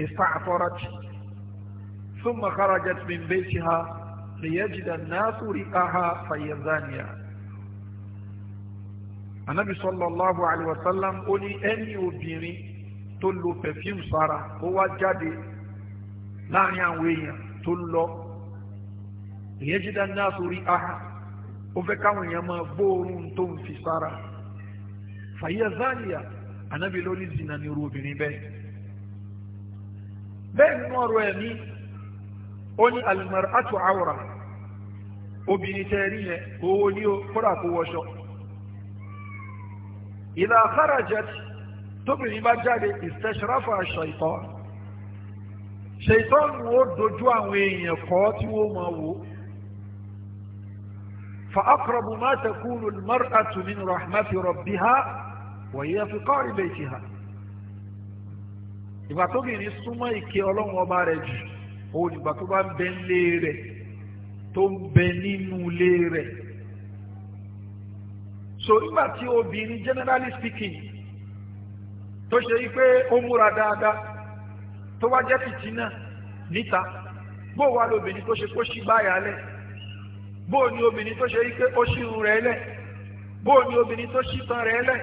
ista'tarat thumma kharajat min baytiha liyajida an-nasu riqaha fayyazaniya anabi sallallahu alayhi wa sallam ó ní ẹni obìnrin tó lo perfume sára ó wá jáde láàrin àwọn èèyàn tó ń lọ ìyẹn jídá náà sórí aha ó fẹ́ káwọn èèyàn máa gbóòórùn tó ń fi sára fàyẹ zaniya anabi ló zina ní irú obìnrin bẹ́ẹ̀ bẹ́ẹ̀ nínú ọ̀rọ̀ ẹ̀ ní ó ní alimar atu awra obìnrin tẹ́ rí yẹn owó ní o kódà kó wọṣọ ìlà kharajat tóbìnrin bá jáde istashrafa shaitan shaitan wo dojú àwọn èèyàn kọ́ tí wọ́n máa wò fa aqrabu ma takunu al-mar'atu min rahmati rabbiha wa hiya fi qari baytiha ìgbà tóbìnrin súnmọ́ ìkẹ́ ọlọ́run ọba rẹ̀ jù òun ìgbà tó bá ń bẹ nílé rẹ̀ tó ń bẹ nínú ilé rẹ̀ so nígbà tí obìnrin generally speaking tó ṣe yí pé ó múra dáadáa tó wá jẹ́ fìtínà níta bó wà lóbìnrin tó ṣe kó ṣí báyà lẹ̀ bó ni obìnrin tó ṣe yí pé ó ṣí irun rẹ̀ lẹ̀ bó ni obìnrin tó ṣí tan rẹ̀ lẹ̀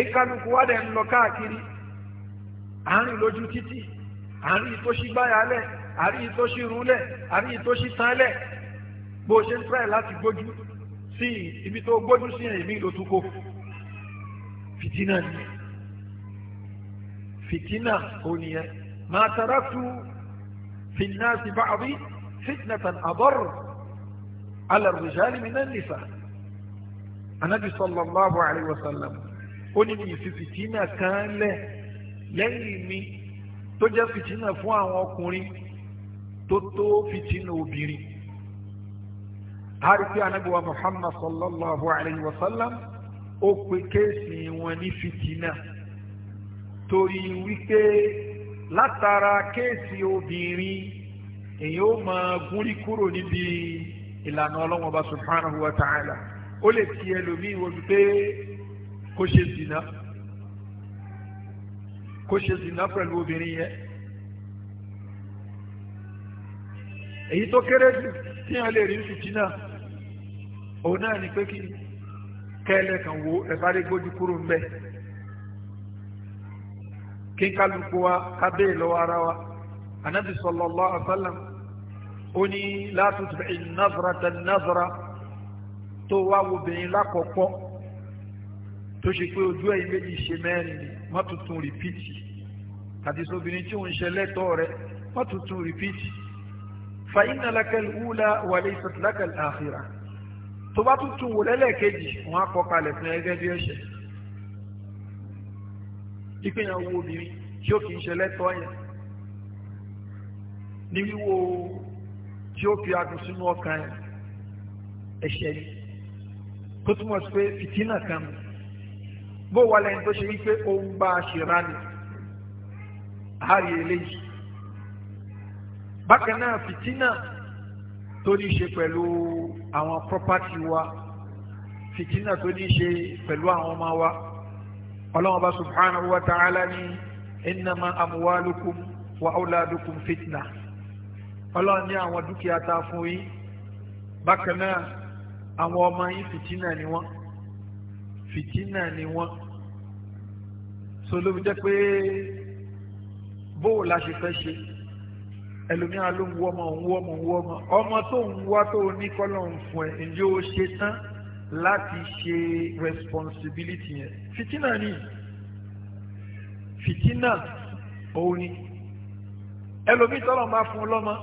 èkánukú wá dẹ̀ ń lọ káàkiri àárín lójú títì àárín tó ṣí báyà lẹ̀ àárín tó ṣí irun lẹ̀ àárín tó ṣí tan lẹ̀ bó ṣe ń fẹ́ láti gbójú sí ibi tó gbójú sí yẹn ìmí ló tún kó fìtínà ni fìtínà ò nìyẹn máa taraktu fi nnaasi ba'di fitnatan adarr ala ar-rijali min an-nisa anabi sallallahu alayhi wa sallam ó ní mi fi fìtínà kan lẹ̀ lẹ́yìn mi tó jẹ́ fìtínà fún àwọn ọkùnrin tó tó fìtínà obìnrin àríkí anábíwá muhammad sallallahu alayhi wa sallam ó pe kéèsì wọn ní fitina torí wípé látara kéèsì obìnrin èyí ó máa gúnrí kúrò níbi ìlànà ọlọ́wọ́n bá subhanahu wa ta'ala ó lè ti ẹlòmíì wọlé pé kó ṣe zina kó ṣe zina pẹ̀lú obìnrin yẹn èyí tó kéré jù tí wọn lè rí fitina òun náà ni pé kí kẹ́lẹ́ kan wo ẹ̀bárí gbójú kúrò ń bẹ́ kí kálukú wa ká béè lọ́wọ́ ara wa anabi sallallahu alaihi wasallam ó ní látúntò ìnáfra tẹ náfra tó wá obìnrin lákọ̀ọ́kọ́ tó ṣe pé ojú ẹ̀yìn méjì ṣe mẹ́rin ni má tuntun rìpíìtì àti sobìnrin tí òun ṣe lẹ́tọ̀ọ́ rẹ̀ má tuntun rìpíìtì fa inna laka al-ula wa tó bá tún tún wò lẹ́lẹ́kejì wọn á kọ kalẹ̀ fún ẹgẹ́ bí ẹ̀ṣẹ̀ ìpínyàwó obìnrin tí ó kì í ṣe lẹ́tọ́ yẹn ní wíwo tí ó fi adùn sínú ọkàn yẹn ẹ̀ṣẹ̀ yìí tó túmọ̀ sí pé fìtínà kan mi bó wà lẹ́yìn tó ṣe wípé òun bá a ṣe rà ní àárí eléyìí bákan náà fìtínà tó ní ṣe pẹ̀lú àwọn property wa fìtínà tó ní ṣe pẹ̀lú àwọn ọmọ wa ọlọ́run bá subhanahu wa ta'ala ní innama amwalukum wa auladukum fitna ọlọ́run ní àwọn dúkìá tá a fún yín bákan náà àwọn ọmọ yín fìtínà ni wọ́n fìtínà ni wọ́n so ló fi jẹ́ pé bóò la ṣe fẹ́ ṣe ẹlòmíà ló ń wọ́ ọmọ ń wọ́ ọmọ ń wọ́ ọmọ ọmọ tó ń wá tó ní kọ́lọ̀ ń fún ẹ ǹjẹ́ ó ṣe tán láti ṣe responsibility yẹn fìtínà ni fitina òun ni ẹlòmíì tọ́lọ̀ ń bá fún un lọ́mọ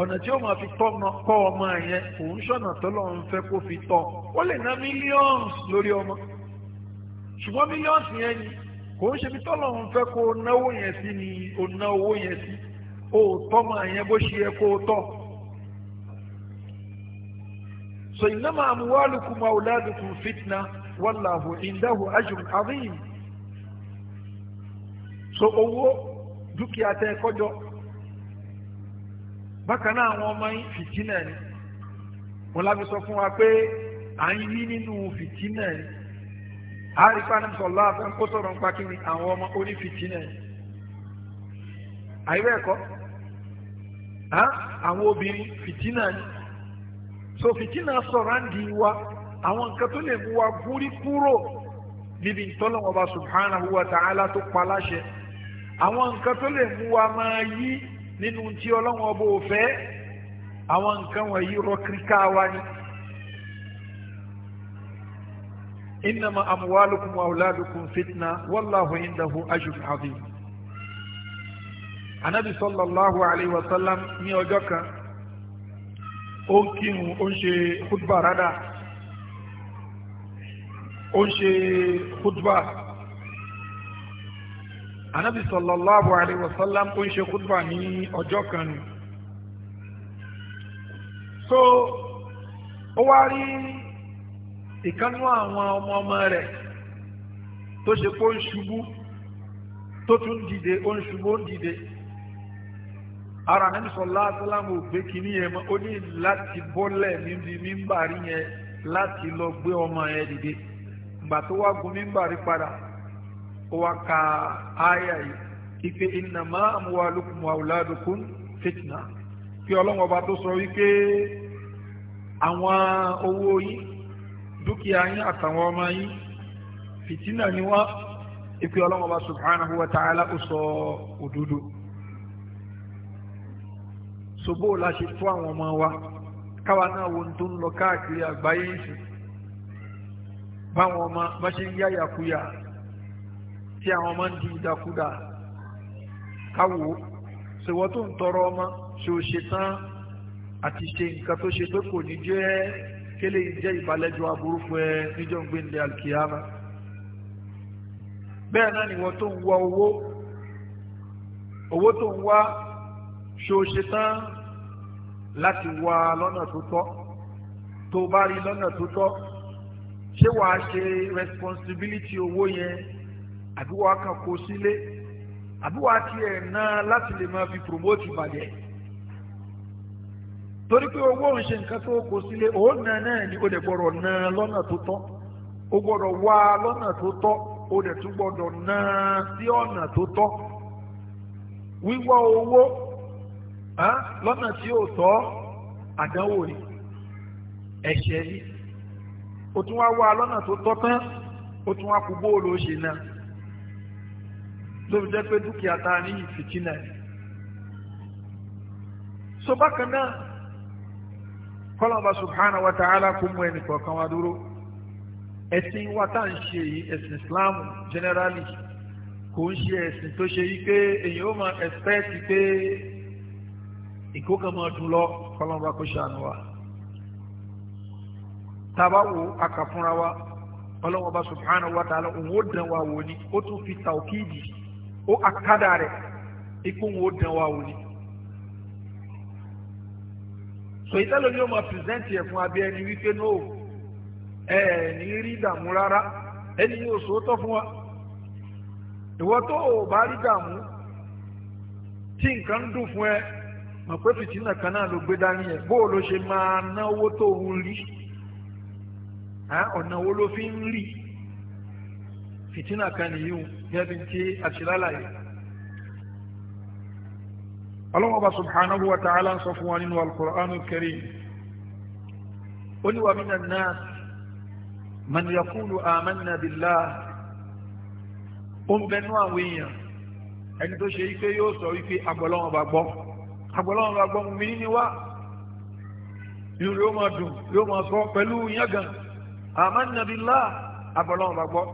ọ̀nà tí ó máa fi tọ́ kọ́ ọmọ yẹn òun ṣọ̀nà tọ́lọ̀ ń fẹ́ kó fi tọ́ ó lè ná millions lórí ọmọ ṣùgbọ́n millions yẹn ni kò ń ṣe fi tọ́lọ̀ ń fẹ́ kó náwó yẹn sí ni ò ná owó yẹn sí. o tọ́ máa yẹn bó ṣe yẹ kó o tọ́ so innama amwalukum wa auladukum fitna wallahu indahu ajrun azim so owó dúkìá tẹ kọjọ bákan náà àwọn ọmọ yín fìtínà ni wọn sọ fún wa pé à ń yí nínú fìtínà ni ní sọlá àfẹnkó kí ni àwọn ọmọ onífìtínà ni àyíwẹ̀ àwọn obìnrin fìtínà ni so fìtínà sọ̀ràǹdì wa àwọn nǹkan tó lè mú wa gúnrí kúrò níbi ìtọ́lọ́wọ́n bá subhanahu wa ta'ala tó pa láṣẹ àwọn nǹkan tó lè mú wa máa yí nínú tí ọlọ́wọ́n bó fẹ́ àwọn nǹkan wọ̀nyí rọ́kìríkà wa ni. innama amwalukum wa auladukum fitna wallahu indahu ajrun anabi sallallahu alayhi wa sallam ní ọjọ́ kan ó ń kírun ó ń ṣe khutba rada ó ń ṣe khutba anabi sallallahu alayhi wa sallam ó ń ṣe khutba ní ọjọ́ kan nù so ó wá rí ìkánú àwọn ọmọ ọmọ rẹ̀ tó ṣe pé ó ń ṣubú tó tún dìde ó ń ṣubú ó ń dìde. ara nàbí sọlá sálámù ògbé kìíní yẹn mọ́ ó ní láti bọ́lẹ̀ níbi mímbàrí yẹn láti lọ gbé ọmọ yẹn dìde tó wá gun mímbàrí padà ó wá ka àyà yìí ipe ìnàmá àmúwálùkùn àwùládùkùn fìtìnà kí ọlọ́wọ́n tó sọ wípé àwọn owó dúkìá yín àtàwọn ọmọ yín fìtìnà ni wọ́n sobó la ṣe tó àwọn ọmọ wa káwa náà wo tó ń lọ káàkiri àgbáyé ń sìn báwọn ọmọ bá ṣe ń yá yàkuyà tí àwọn ọmọ ń di ìdàkudà káwo ṣèwọ́ tó ń tọrọ ọmọ ṣe ò ṣe tán àti ṣe nǹkan tó ṣe pé kò ní jẹ́ kélé jẹ́ ìbálẹ́jọ́ aburú ẹ níjọ́ ń gbé ní alkiyama bẹ́ẹ̀ náà ni wọ́n tó ń wá owó owó tó ń wá ṣó ṣe tán láti wá lọ́nà tó tọ́ tó bá rí lọ́nà tó tọ́ ṣé wàá ṣe responsibility owó yẹn àbí wàá kàn kó sílé àbí wàá tiẹ̀ ná láti lè máa fi promote ìbàdẹ́ torí pé owó ń ṣe nǹkan tó kó sílé òun náà náà ni ó dẹ̀ gbọ́dọ̀ ná lọ́nà tó tọ́ ó gbọ́dọ̀ wá lọ́nà tó tọ́ ó dẹ̀ tún gbọ́dọ̀ ná sí ọ̀nà tó tọ́ wíwá owó lọ́nà tí yóò tọ́ àdánwò ni ẹ̀ṣẹ̀ ni ó tún wá wá lọ́nà tó tọ́ tán ó tún wá kú bóòlù ó ṣe náà lórí jẹ́ pé dúkìá ta ní ìfìtínà ni. so bákan náà kọ́lọ́mọba subhana wa ta'ala kún mú ẹnì kọ̀ọ̀kan wa dúró ẹ̀sìn wa tá à ń ṣe yìí ẹ̀sìn Islam generally kò ń ṣe ẹ̀sìn tó ṣe yí pé èyí ó máa expect pé ìkókè máa dùn lọ kọlọ́nba kó ṣàánú wa tàbá wo akàfúnra wa ọlọ́wọ́ba subhanahu wa ta'ala òun ó dán wa wò ni ó tún fi tàwkìdì ó akádà rẹ̀ ikú òun ó wa wò ni. so ìtẹ́lẹ̀ ni ó máa pìrìsẹ́ǹtì ẹ̀ fún abẹ́ ẹni wípé no ẹ ẹ̀ ní rí dààmú rárá ẹni yóò sòótọ́ fún wa ìwọ tó o bá rí dààmú tí nǹkan ń dùn fún ẹ mọ̀ pé fìtínà kan náà ló gbé dání ẹ̀ bó o ló ṣe máa náwó tó ń rí ọ̀nà wo ló fi ń rí fìtínà kan nìyí o gẹ́gẹ́ bí ti àṣìlálàyé. ọlọ́wọ́n bá subhanahu wa ta'ala ń sọ fún wa nínú al-Qur'anul Karim ó ní wa minan nas man ó ń bẹnu àwọn èèyàn ẹni tó ṣe ike yóò sọ wípé agbọ́lọ́wọ́n bá gbọ́ agbọ́lọ́wọ́n bá gbọ́ mi ní wá inú rẹ̀ ó máa dùn rẹ̀ ó máa sọ pẹ̀lú yangàn amanna billah agbọ́lọ́wọ́n bá gbọ́.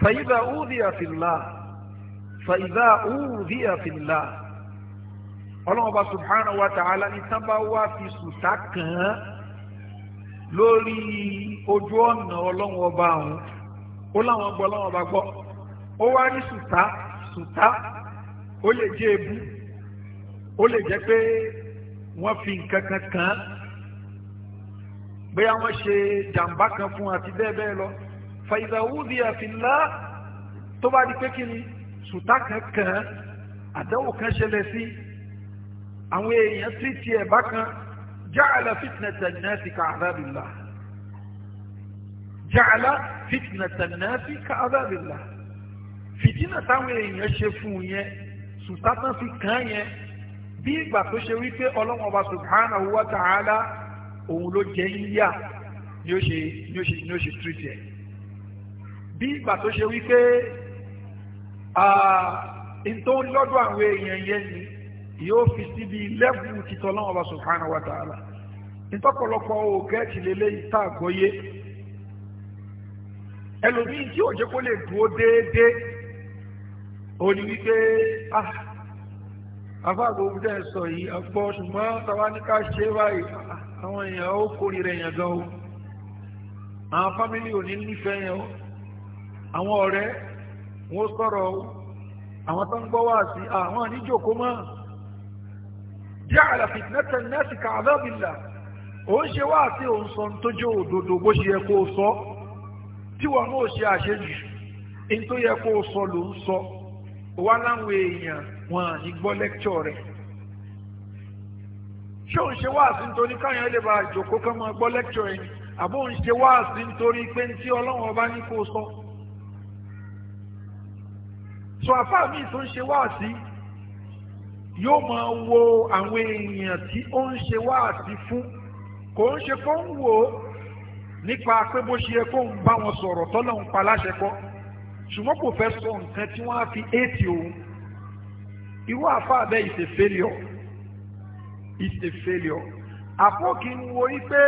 fa idha udhiya fillah fa idha udhiya fillah ọlọ́wọ́n bá subhanahu wa ta'ala ní sábà wá fi sùtá kàn lórí ojú ọ̀nà ọlọ́wọ́n bá ó láwọn gbọ́ ọlọ́wọ́n ó wá ní sùtá sùtá ó lè jẹ́ ebú ó lè jẹ́ pé wọ́n fi nǹkan kan kàn án bóyá wọ́n ṣe jàǹbá kan fún àti bẹ́ẹ̀ bẹ́ẹ̀ lọ fàyídà wúdi àfìlá tó bá di pé kí ni sùtá kan kàn án àdánwò kan ṣẹlẹ̀ sí àwọn èèyàn tí tiẹ̀ bá kan ja'ala fitnata nnasi ka'adhabillah ja'ala fitnata nnasi ka'adhabillah fìtínà táwọn èèyàn ṣe fún un yẹn sùtá tán fi kàn án yẹn bí ìgbà tó ṣe wípé ọlọ́run ọba subhanahu wa ta'ala òun ló jẹ́ yíyà ni ó ṣe ni ó ṣe ni ó ṣe tírìtì ẹ̀ bí ìgbà tó ṣe wípé ntọ́ lọ́dọ̀ àwọn èèyàn yẹn ni yóò fi síbi lẹ́bù títọ́ ọlọ́run ọba subhanahu wa ta'ala ntọ́pọ̀lọpọ̀ ògẹ́ẹ̀tì lélẹ́yìí tá àgbọ́yé ẹlòmíì tí òjẹ́ kó lè dúró déédéé òní wípé ah afáàgbò òbúdá ẹ̀ sọ yìí agbọ́ ṣùgbọ́n tàwa ṣe báyìí àwọn èèyàn ó kórìíra èèyàn gan o àwọn fámìlì ò ní nífẹ̀ẹ́ yẹn o àwọn ọ̀rẹ́ wọn ó sọ̀rọ̀ o àwọn tó ń gbọ́ wá sí àwọn àníjòkó mọ́ ja'ala fitnata an-nasi ka'adhabillah ó ń ṣe wá sí òun sọ sọ ṣe àṣejù ní tó sọ wọn à ní gbọ́ lẹ́kítọ̀ rẹ̀ ṣé òun ṣe wáàsí nítorí káyọ̀ lè ba ìjòkó kan máa gbọ́ lẹ́kítọ̀ yẹn àbó òun ṣe wáàsí nítorí pé tí ọlọ́run ọba ní kó sọ. sọ àfáà míì tó ń ṣe wáàsí yóò máa wo àwọn èèyàn tí ó ń ṣe wáàsí fún kò ń ṣe kó ń wò ó nípa pé bó ṣe yẹ kó ń bá wọn sọ̀rọ̀ tọ́lọ̀ ń pa láṣẹ kọ́ ṣùgbọ́n kò fẹ́ sọ nǹkan tí wọ́n á fi éètì òun irú àfa abẹ́ is a failure is a failure àpò kì í wo yí pé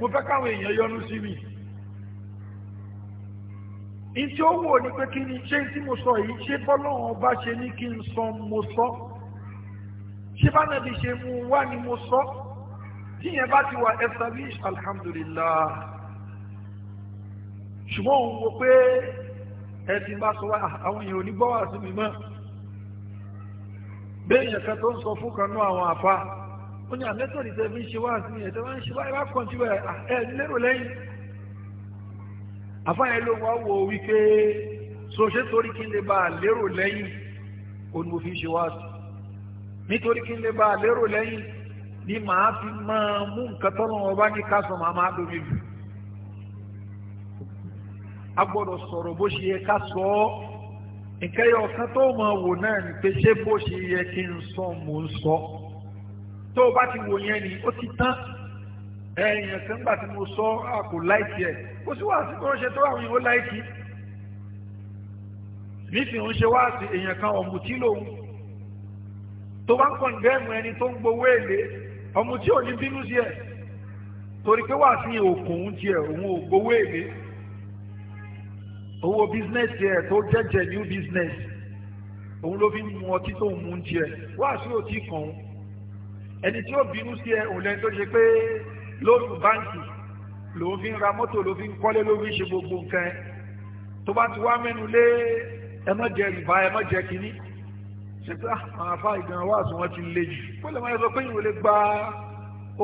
mo fẹ́ káwọn èèyàn yọ́nú sí mi ní tí ó wò ní pé kí ni ṣé tí mo sọ yìí ṣé bọ́lọ́hún ọba ṣe ní kí n sọ mo sọ ṣé ṣe mú wá ni mo sọ tíyẹn bá ti wà establish alhamdulillah ṣùgbọ́n òun wo pé ẹ ti bá sọ wá àwọn èèyàn ò ní gbọ́ bẹ́ẹ̀yàn kan tó ń sọ fún kan náà àwọn àfa ó ní àmẹ́tọ̀dì tẹ́ fi ń ṣe wáàsí yẹn tẹ́ wọ́n ń ṣe wáàsí bá kàn tí wọ́n ẹ̀ lérò lẹ́yìn àfa yẹn ló wá wo wípé soṣe torí kí n lè bá a lérò lẹ́yìn ó ní mo fi ń ṣe wáàsí nítorí kí n lè bá a lérò lẹ́yìn ni màá fi máa mú nǹkan tọ́nà ọba ní kásán màá máa domi lù a gbọ́dọ̀ sọ̀rọ̀ bó ṣe yẹ ká sọ ọ́ nǹkan yọ ọ̀kan tó mọ̀ wò náà ni pé ṣé bó ṣe yẹ kí n sọ mò ń sọ tó o bá ti wò yẹn ni ó ti tán ẹ̀yìn kan gbà tí mo sọ àpò láìkì ẹ̀ kó sì wá sí kọ́ńṣe tó àwọn èèyàn láìkì nísìnyí ń ṣe wá sí èèyàn kan ọ̀mùtí lòun tó bá ń kọ̀ǹdẹ́mù ẹni tó ń gbowó èlé ọ̀mùtí ò ní bínú sí ẹ̀ torí pé wá sí òkùn tiẹ̀ òun ò gbowó èlé owó bísínẹ́sì ẹ̀ tó jẹ́jẹ́ new business òun ló fi ń mu ọtí tó ń mu ń tiẹ̀ wáàsí ò tí kàn án ẹni tí ó bínú sí ẹ òun lẹ́ni tó ṣe pé lóònù báǹkì lòun fi ń ra mọ́tò lòun fi ń kọ́lé lòun fi ń ṣe gbogbo nǹkan ẹ̀ tó bá ti wá mẹ́nu lé ẹ má jẹ ìbá ẹ kínní ṣe pé ah, àwọn afá ìgbà wà sùn wọn ti lé jù kó lè máa sọ pé ìwòlè gba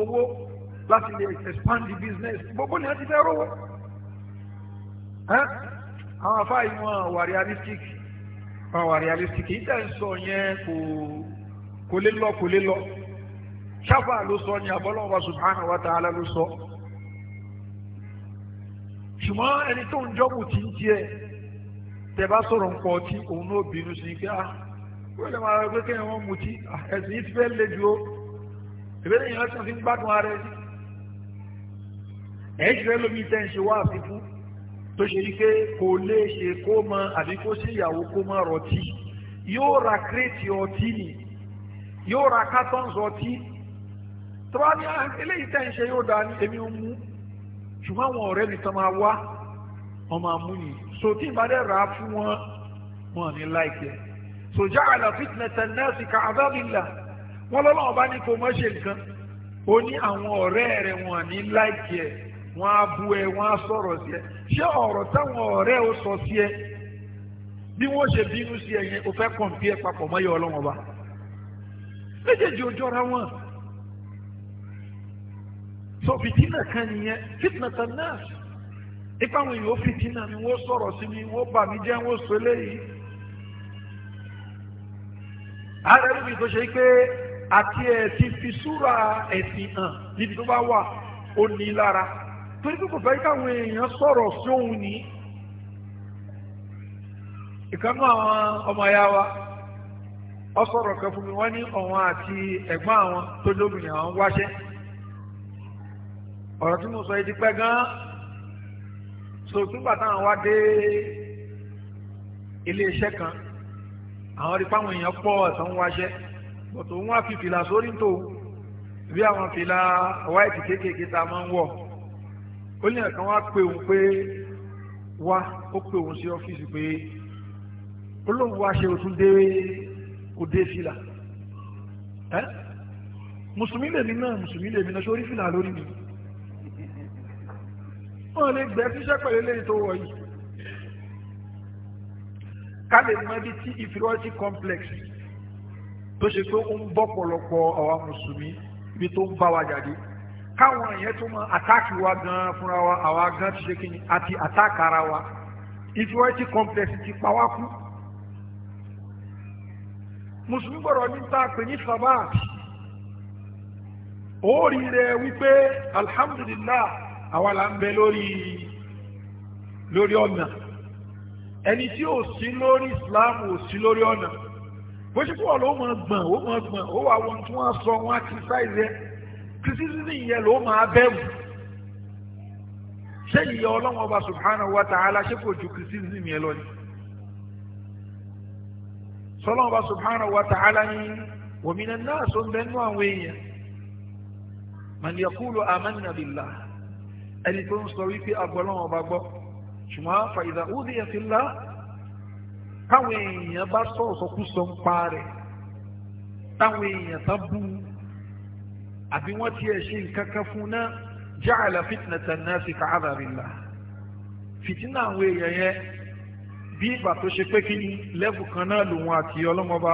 owó láti lè expand the business gbogbo ni wọn ti fẹ́ rówó àwọn afáà yìí wọn wà realistic wọn wà realistic yìí tẹ̀ ń sọ yẹn kò kò lè lọ kò lè lọ ṣáfà ló sọ ni àbọ́lọ́wọ́ subhanahu wa ta'ala ló sọ ṣùgbọ́n ẹni tó ń jọ́mù tí ń tiẹ̀ tẹ bá sọ̀rọ̀ nǹkan ọtí òun náà bínú sí pé ah, wọ́n lè máa rẹ kéèyàn wọ́n mutí ah, ẹ̀sìn yìí ti fẹ́ le ju o ìbéèrè yẹn ti fi ń gbádùn ara ẹ̀ ẹ̀ ṣe lómi tẹ́ ń ṣe wá àfikún tó ṣe yí pé kò lè ṣe kó mọ àbí kó ṣe ìyàwó kó mọ rọtí yóò ra kírètì ọtí ni yóò ra cartons ọtí tó bá ní ah, eléyìí tẹ̀ ń ṣe yóò dáa ní èmi ń mú ṣùgbọ́n àwọn ọ̀rẹ́ mi tán máa wá wọn máa mú ni so tí ìbádẹ́ rà á fún wọn wọn ní láìpẹ́ so ja'ala fitnata an-nasi ka'adhabillah wọn lọ́lọ́wọ́n bá ní kó mọ́ ṣe nǹkan ó ní àwọn ọ̀rẹ́ rẹ̀ wọn ní láìpẹ́ wọ́n á bu ẹ wọ́n á sọ̀rọ̀ sí ẹ ṣé ọ̀rọ̀ táwọn ọ̀rẹ́ ò sọ sí ẹ bí wọ́n ṣe bínú sí ẹ yẹn o fẹ́ kọ̀ǹpì ẹ papọ̀ mọ́ yọ ọlọ́wọ́n bá méjèèjì ò jọra wọn so fìtínà kan nìyẹn fìtínà tán náà ipa àwọn èèyàn fìtínà ni wọ́n sọ̀rọ̀ sí mi wọ́n bà mí jẹ́ wọ́n sọ eléyìí ààrẹ níbi tó ṣe pé àti ẹ̀ ti fi súra ẹ̀sìn hàn níbi tó bá wà ó ní lára torí pé kò fẹ́ káwọn èèyàn sọ̀rọ̀ sóhun ní ìkànnú àwọn ọmọ ya wa ọ sọ̀rọ̀ kan fún mi wọ́n ní ọ̀wọ́n àti ẹ̀gbọ́n àwọn tó lóbìnrin àwọn wáṣẹ́ ọ̀rọ̀ tí mo sọ yìí ti pẹ́ gan-an so táwọn wá dé iléeṣẹ́ kan àwọn rí páwọn èèyàn pọ̀ ẹ̀sán wáṣẹ́ bọ̀tò wọn á fi fìlà sórí ń bí àwọn fìlà wáìtì kéékèèké tá máa ń wọ̀ ó ní ẹ̀kan wá pé òun pé wá ó pé òun sí ọ́fíìsì pé olóhùn wa ṣe òtún dé òde fìlà ẹ́ mùsùlùmí lèmi náà mùsùlùmí lèmi náà sórí fìlà lórí mi wọn lè gbẹ fíṣẹ́ pẹ̀lú eléyìí tó wọ̀ yìí ká lè mọ ibi tí inferiority complex tó ṣe pé ó ń bọ́ pọ̀lọpọ̀ àwa mùsùlùmí ibi tó ń bá wa jáde káwọn yẹn tó mọ àtáàkì wa gan fúnra wa àwa gan ti ṣe kí ni àti àtáàkì ara wa inferiority complex ti pa wá kú mùsùlùmí gbọ́dọ̀ ní ta pè ní sabat oríire wípé alhamdulillah àwa là ń bẹ lórí lórí ọ̀nà ẹni tí ò sí lórí islam ò sí lórí ọ̀nà bó ṣe pọ̀ ló mọ̀ gbọ̀n ó mọ̀ gbọ̀n ó wà wọn tí wọ́n sọ wọn á ti sáìzẹ́ kìsìsìsì yẹn ló máa bẹ̀rù ṣé ìyà ọlọ́wọ́n ọba subhanahu wa ta'ala ṣé kò ju kìsìsìsì yẹn lọ ni sọlọ́wọ́n ọba subhanahu wa ta'ala ni wa minan nas ń bẹ́ẹ̀ nú àwọn èèyàn man yaqulu amanna billah ẹni tó ń sọ wípé agbọ́lọ́wọ́n ọba gbọ́ ṣùgbọ́n fa idha udiya fillah táwọn èèyàn bá sọ̀rọ̀ sọkúsọ ń pa rẹ̀ táwọn èèyàn tán bú àbí wọ́n tiẹ̀ ṣe nǹkan kan fún náà ja'ala fitnata an-nasi ka'adhabillah fìtínà àwọn èèyàn yẹn bí ìgbà tó ṣe pé kí ni lẹ́bù kan náà lòun àti ọlọ́mọba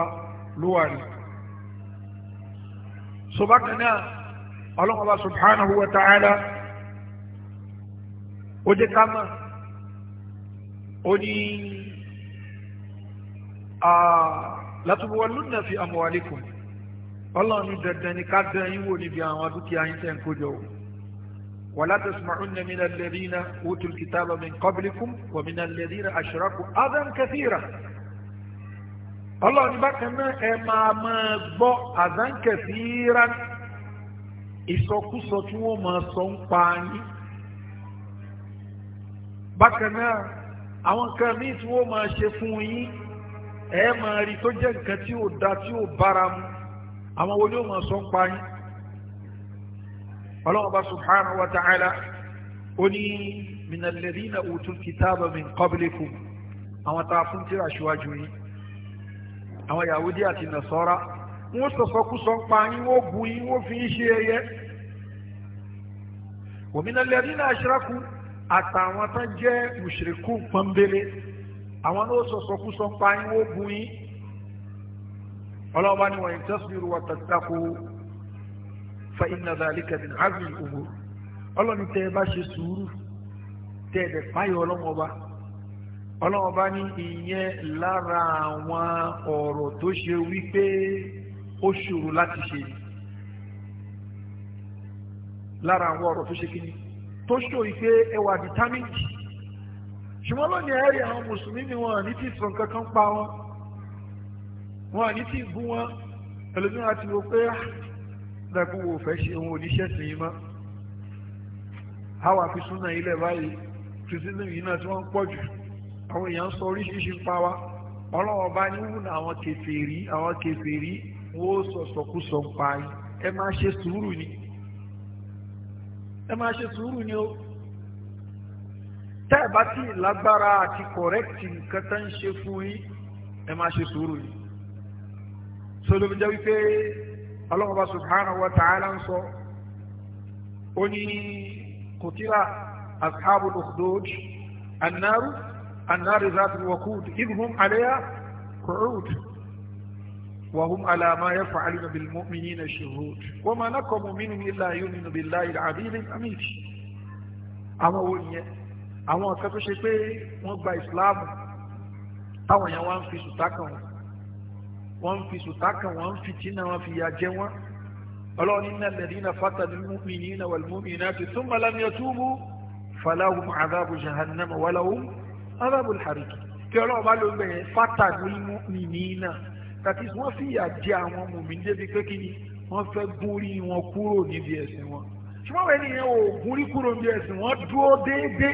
ló wà ní. so náà ọlọ́mọba subhanahu wa ta'ala ó jẹ́ ká mọ̀ ó ní ah, látúbọ̀wọ́lùnà fi amwalikum ọlọ́run ní dandan ni ká dán yín wò níbi àwọn dúkìá yín tẹ́ ń kójọ o wàlá tasma'unna mina alladhina utul kitaba min qablikum wa mina alladhina ashraku adan kathira ọlọ́run ní bákan náà ẹ máa máa gbọ́ adan kathira ìsọkúsọ tí wọ́n máa sọ ń pa yín bákan náà àwọn kan míì tí wọ́n máa ṣe fún yín ẹ máa rí tó jẹ́ nǹkan tí ò da tí ò bára mu àwọn wo ni ó mọ̀ sọ ń pa yín ọlọ́run bá subhanahu wa ta'ala ó ní minalladhina utul kitaba min qablikum àwọn tá a fún tíra ṣíwájú yín àwọn yahudi àti nasara wọ́n sọ̀sọ́kú sọ ń pa wọ́n bu yín wọ́n fi ń ṣe ẹyẹ wa minalladhina ashraku àtàwọn tán jẹ́ mushrikun pọ́nbélé àwọn náà sọ̀sọ́kú sọ ń pa wọ́n bu yín ọlọ́ọ̀bá ni wọ̀nyí tasbiru wa tattaqu fa inna dhalika min azmi al-umur ọlọ́ọ̀ni tẹ́ ẹ bá ṣe sùúrù tẹ́ ẹ bẹ̀ fáyọ̀ ọlọ́mọba ọlọ́ọ̀bá ní ìyẹn lára àwọn ọ̀rọ̀ tó ṣe wípé ó ṣòro láti ṣe lára àwọn ọ̀rọ̀ tó ṣe kí tó ṣò wípé ẹ wà determined ṣùgbọ́n lónìí ẹ̀rí àwọn mùsùlùmí ni wọ́n ní tí ìsàn kankan pa wọn wọn ní tí bú wọn ẹlòmíràn ti wo pé ah, dàgbò wò fẹ́ ṣe òun oníṣẹ́ sí i mọ́ àwa fi súnà ilẹ̀ báyìí kìrìsìtìmù yìí náà tí wọ́n ń pọ̀ jù àwọn èèyàn ń sọ oríṣiríṣi ń pa wa ọlọ́wọ́ bá ní wùnà àwọn kèfèrí àwọn kèfèrí wọ́n sọ sọkúsọ ń pa yìí ẹ máa ṣe sùúrù ni ẹ máa ṣe sùúrù ni o tẹ́ bá ti lágbára àti kọ̀rẹ́kìtì nǹkan tó ń ṣe fún yín ẹ máa ṣe sùúrù ni sọlọ́mù jẹ́ wípé ọlọ́mọba subhanahu wa ta'ala ń sọ ó ní kutila ashabu al-ukhdud annaru annaru zati idhum alayha qu'ud وهم على ما يفعلون بالمؤمنين شهود وما نقم منهم إلا يؤمن بالله العزيز الحميد àwọn wo nìyẹn àwọn kan tó ṣe pé wọ́n gba islam táwọn yẹn wá ń fi sùtá wọ́n ń fi sùtá kan wọ́n ń fi tìǹà wọ́n fi yà jẹ wọ́n ọlọ́run ní iná lẹ́dí iná fata ní mímí iná wà mímí iná ti tún bala ní ọtúbù falahum azabu jahannam walahum azabu alhariki kí ọlọ́run bá ló ń bẹ̀yẹn fata ní mímí iná that is wọ́n fi yà jẹ àwọn mùmí débi pé kí ni wọ́n fẹ́ gúnrí wọn kúrò níbi ẹ̀sìn wọn ṣùgbọ́n wẹ́n nìyẹn ò gúnrí kúrò níbi ẹ̀sìn wọn dúró déédéé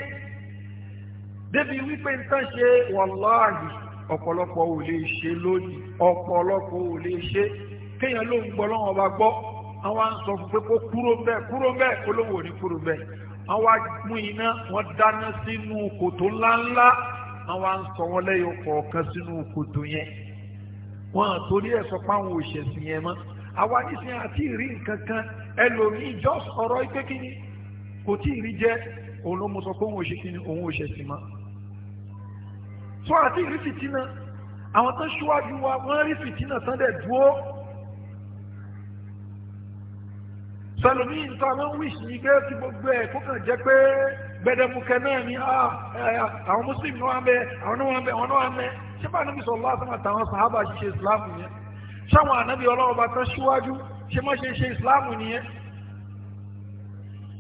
débi wípé ń tán ṣe wàláhì ọ̀pọ̀lọpọ̀ ò lè ṣe lónìí ọ̀pọ̀lọpọ̀ ò lè ṣe kéèyàn ló ń gbọ́ lọ́wọ́n bá gbọ́ àwọn à ń sọ fún pé kó kúrò bẹ́ẹ̀ kúrò bẹ́ẹ̀ olówó ní kúrò bẹ́ẹ̀ àwọn mú iná wọ́n dáná sínú kòtò ńláńlá àwọn à ń sọ wọn lẹ́yọ sínú kòtò yẹn wọn àtòrí ẹ̀ sọ pé àwọn òṣèṣìn yẹn mọ́ àwa nísìnyí àti ìrí nǹkan kan ẹlòmíì jọ́ ọ̀rọ̀ kò tí ì rí jẹ́ òun ló mú sọ pé òun òṣèṣìn mọ́ sọ àti ìrí fìtínà àwọn tó ṣíwájú wa wọ́n rí fìtínà tán dẹ̀ dúró sẹlẹ̀mí nǹkan àwọn wíṣì ní gẹ́gẹ́ tí gbogbo ẹ̀ kó kàn jẹ́ pé gbẹdẹmukẹ náà ni ah, àwọn muslim náà bẹ àwọn náà bẹ àwọn náà bẹ ṣé bá níbi sọ̀rọ̀ láti máa tàwọn sàhábà ṣe islam nìyẹn ṣáwọn ànábì ọlọ́wọ́ bá tán ṣíwájú ṣé má ṣe ṣe islam nìyẹn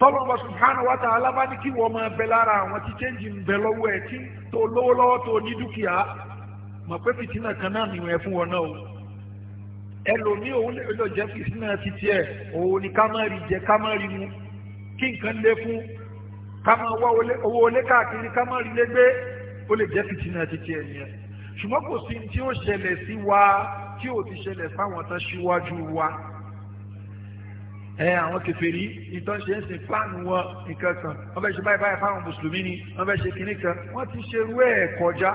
tọ́lọ́mọ subhanahu wa ta'ala bá ní kí wọ́n máa bẹ lára àwọn tí chẹ́ǹjì ń bẹ lọ́wọ́ ẹ̀ tí tó lówó lọ́wọ́ tó ní dúkìá mọ̀ pé fìtínà kan náà nìyẹn fún wọn náà o ẹlòmíì òun lè lọ jẹ́ fìtínà ti tiẹ̀ òun ni ká má rí jẹ ká má rí mu kí nǹkan lé fún ká má wá owó olé káàkiri ká má rí lé ó lè jẹ́ fìtínà ti tiẹ̀ nìyẹn ṣùgbọ́n kò sí tí ó ṣẹlẹ̀ sí wa tí ò ti ṣẹlẹ̀ fáwọn tán síwájú wa ẹ àwọn kèfèrí ìtàn ṣe ń sin fáànù wọn nǹkan kan wọ́n fẹ́ ṣe báyìí báyìí fáwọn mùsùlùmí ni wọ́n fẹ́ ṣe kínní kan wọ́n ti ṣerú ẹ̀ kọjá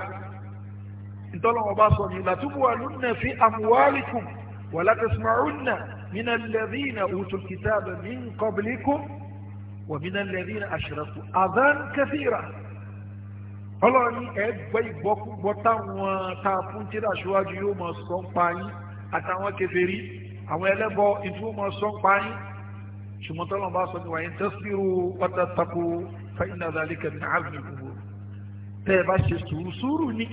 ìtọ́lọ́wọ́ bá sọ ní làtúbùwàlúnà fi àmúwálìkùn wà látẹ̀sùmáwùnà nínà lẹ́rìnà òtún kìtàbà ní kọ́bìlíkùn wà nínà lẹ́rìnà àṣìràkù àdán kẹfìrà ọlọ́ọ̀ni ẹgbẹ́ ìgbọ́kúgbọ́ àwọn ẹlẹ́bọ ìtúwọ́mọ̀ sọ́ńpa yín ṣùgbọ́n tọ́lọ́n bá sọ ní wàyí tẹ́sírù pátá tako fẹ́yìn náà dálé kẹ́mi àbí gbogbo tẹ́ ẹ bá ṣe sùúrù sùúrù ni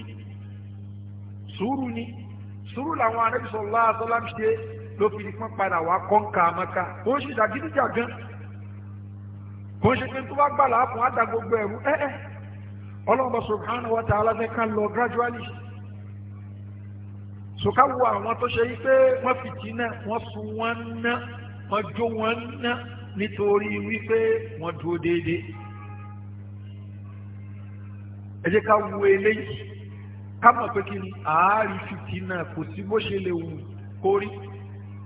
sùúrù ni sùúrù làwọn anábì sallallahu alaihi wasallam ṣe ló fi pọ́n padà wá kọ́ńkà àmọ́ká ó ń ṣe ìdàgídíjà gan kò ń ṣe pé tó bá gbà láàpọ̀ á da gbogbo ẹ̀rú ẹ́ẹ́ ọlọ́mọba subhanahu wa ta'ala fẹ́ ká lọ gradually sọ̀ká wo àwọn tó ṣe yí pé wọ́n fìtínà wọ́n wọ́n jó wọn ná nítorí wípé wọ́n dúró déédéé ẹ jẹ́ ká wo eléyìí ká mọ̀ pé kí ni àárí fìtínà kò sí bó ṣe lè wù kó rí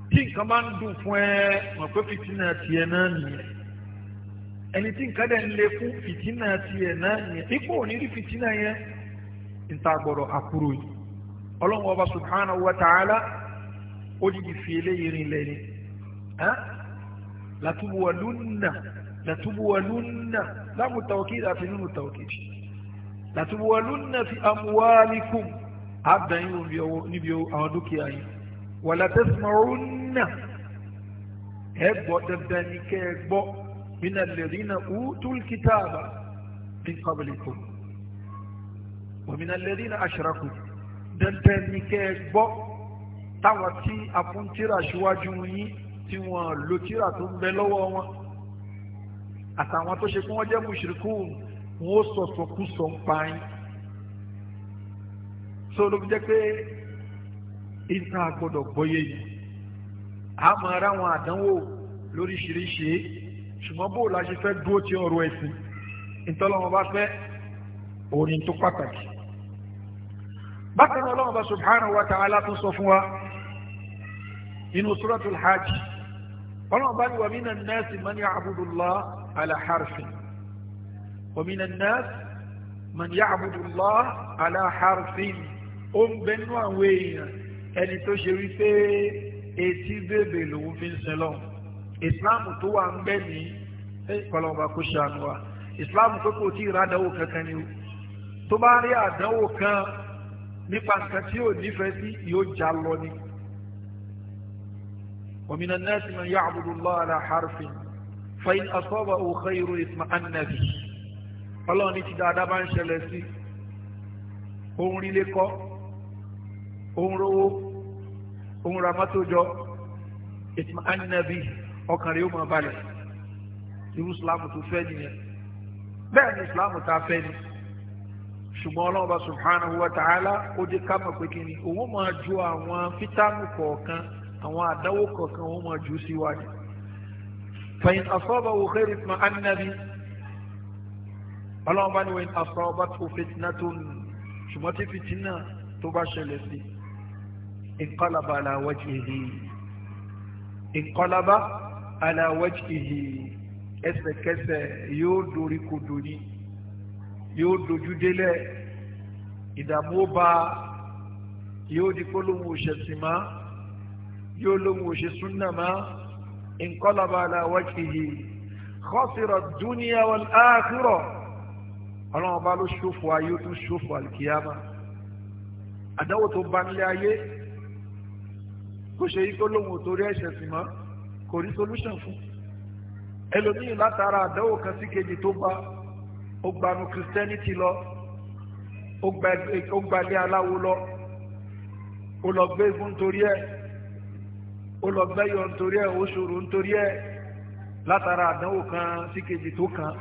tí nǹkan bá ń dùn fún ẹ mọ̀ pé fìtínà tiẹ̀ náà nìyẹn ẹni tí nǹkan dẹ̀ ń le fún fìtínà tiẹ̀ náà nìyẹn ipò òní rí fìtínà yẹn ń ta gbọ́dọ̀ àkúrò yìí ọlọ́run ọba subhanahu wa ta'ala ó dìdí fi eléyìí rìn lẹ́yìn. ها لتبولن لتبولن لا متوكيد في نون التوكيد لتبولن في أموالكم عبدا نبيو أهدوك أي ولا تسمعن هبو دبداني كيكبو من الذين أوتوا الكتاب من قبلكم ومن الذين أشركوا دبداني كيكبو تعوتي أبنتي رشواجوني tí wọ́n lo tíra tó ń bẹ lọ́wọ́ wọn àtàwọn tó ṣe kí wọ́n jẹ́ mùṣírikù wọn ó sọ̀tọ̀ kú sọ ń pa yín tó ló jẹ́ pé ìta gbọ́dọ̀ gbọ́yé yìí a máa ra àwọn àdánwò lóríṣiríṣi ṣùgbọ́n bó la ṣe fẹ́ dúró ti ọ̀rọ̀ ẹ̀sìn ìtọ́lọ́wọ́n bá fẹ́ orin tó pàtàkì bákan náà ọlọ́wọ́n bá subhanahu wa ta'ala tún sọ fún wa inú suratul hajj ọlọ́run bá ní wa minan nasi man ya'budu Allah ala harfin wa minan nasi man ya'budu Allah ala harfin ó ń bẹnu àwọn èèyàn ẹni tó ṣe wí pé etí bèbè lòun fi ń sin lọ islam tó wà ń bẹ ní kọlọmọba kò ṣàánú wa islam pé kò tí ì ra àdánwò kankan ni o tó bá rí àdánwò kan nípa nǹkan tí ò nífẹ̀ẹ́ sí yóò já lọ ni. ومن الناس من يعبد الله على حرف فإن أصابه خير اطمأن به Ọlọ́run ní ti dáadáa bá ń ṣẹlẹ̀ sí òun rílé kọ́ òun rówó òun ra mọ́tò jọ اطمأن به ọkàn rẹ̀ ó máa balẹ̀ irú islam tó fẹ́ nìyẹn bẹ́ẹ̀ ni islam ta fẹ́ ni ṣùgbọ́n ọlọ́run bá subhanahu wa ta'ala ó dé ká mọ̀ pé kí ni òun máa ju àwọn fítàmù kọ̀ọ̀kan àwọn àdáwò kọ̀ọ̀kan wọn máa jù síwájú fẹ̀yìn asọ́ba wò xẹ́rì tuma anabi ọlọ́run bá ní wẹ̀yìn asọ́ba tó fìtínà tó nù ṣùgbọ́n tí fìtínà tó bá ṣẹlẹ̀ sí ìkọlàbà aláwájú ìhì ìkọlàbà aláwájú ìhì ẹsẹ̀kẹsẹ̀ yóò dorí kodò ní yóò dojú délẹ̀ ìdààmú ó bá yóò di polówó ṣẹ̀sìn yóò lóhun ò ṣe súnà mọ́ inqalaba ala wajhihi khasira dunya wal akhirah ọlọ́run ọba ló ṣòfò ayé ó tún ṣòfò àlìkíyàmá àdáwò tó bá nílé ayé kó ṣe yí kó lóhun ò torí ẹ̀ṣẹ̀ sì mọ́ kò rí solution fún ẹlòmíì látara àdáwò kan sí kejì tó bá ó gbanu christianity lọ ó gbalé aláwo lọ ó lọ gbé fún torí ẹ̀. ó lọ nítorí ẹ̀ ó nítorí ẹ̀ látara àdánwò kan sí kejì tó kan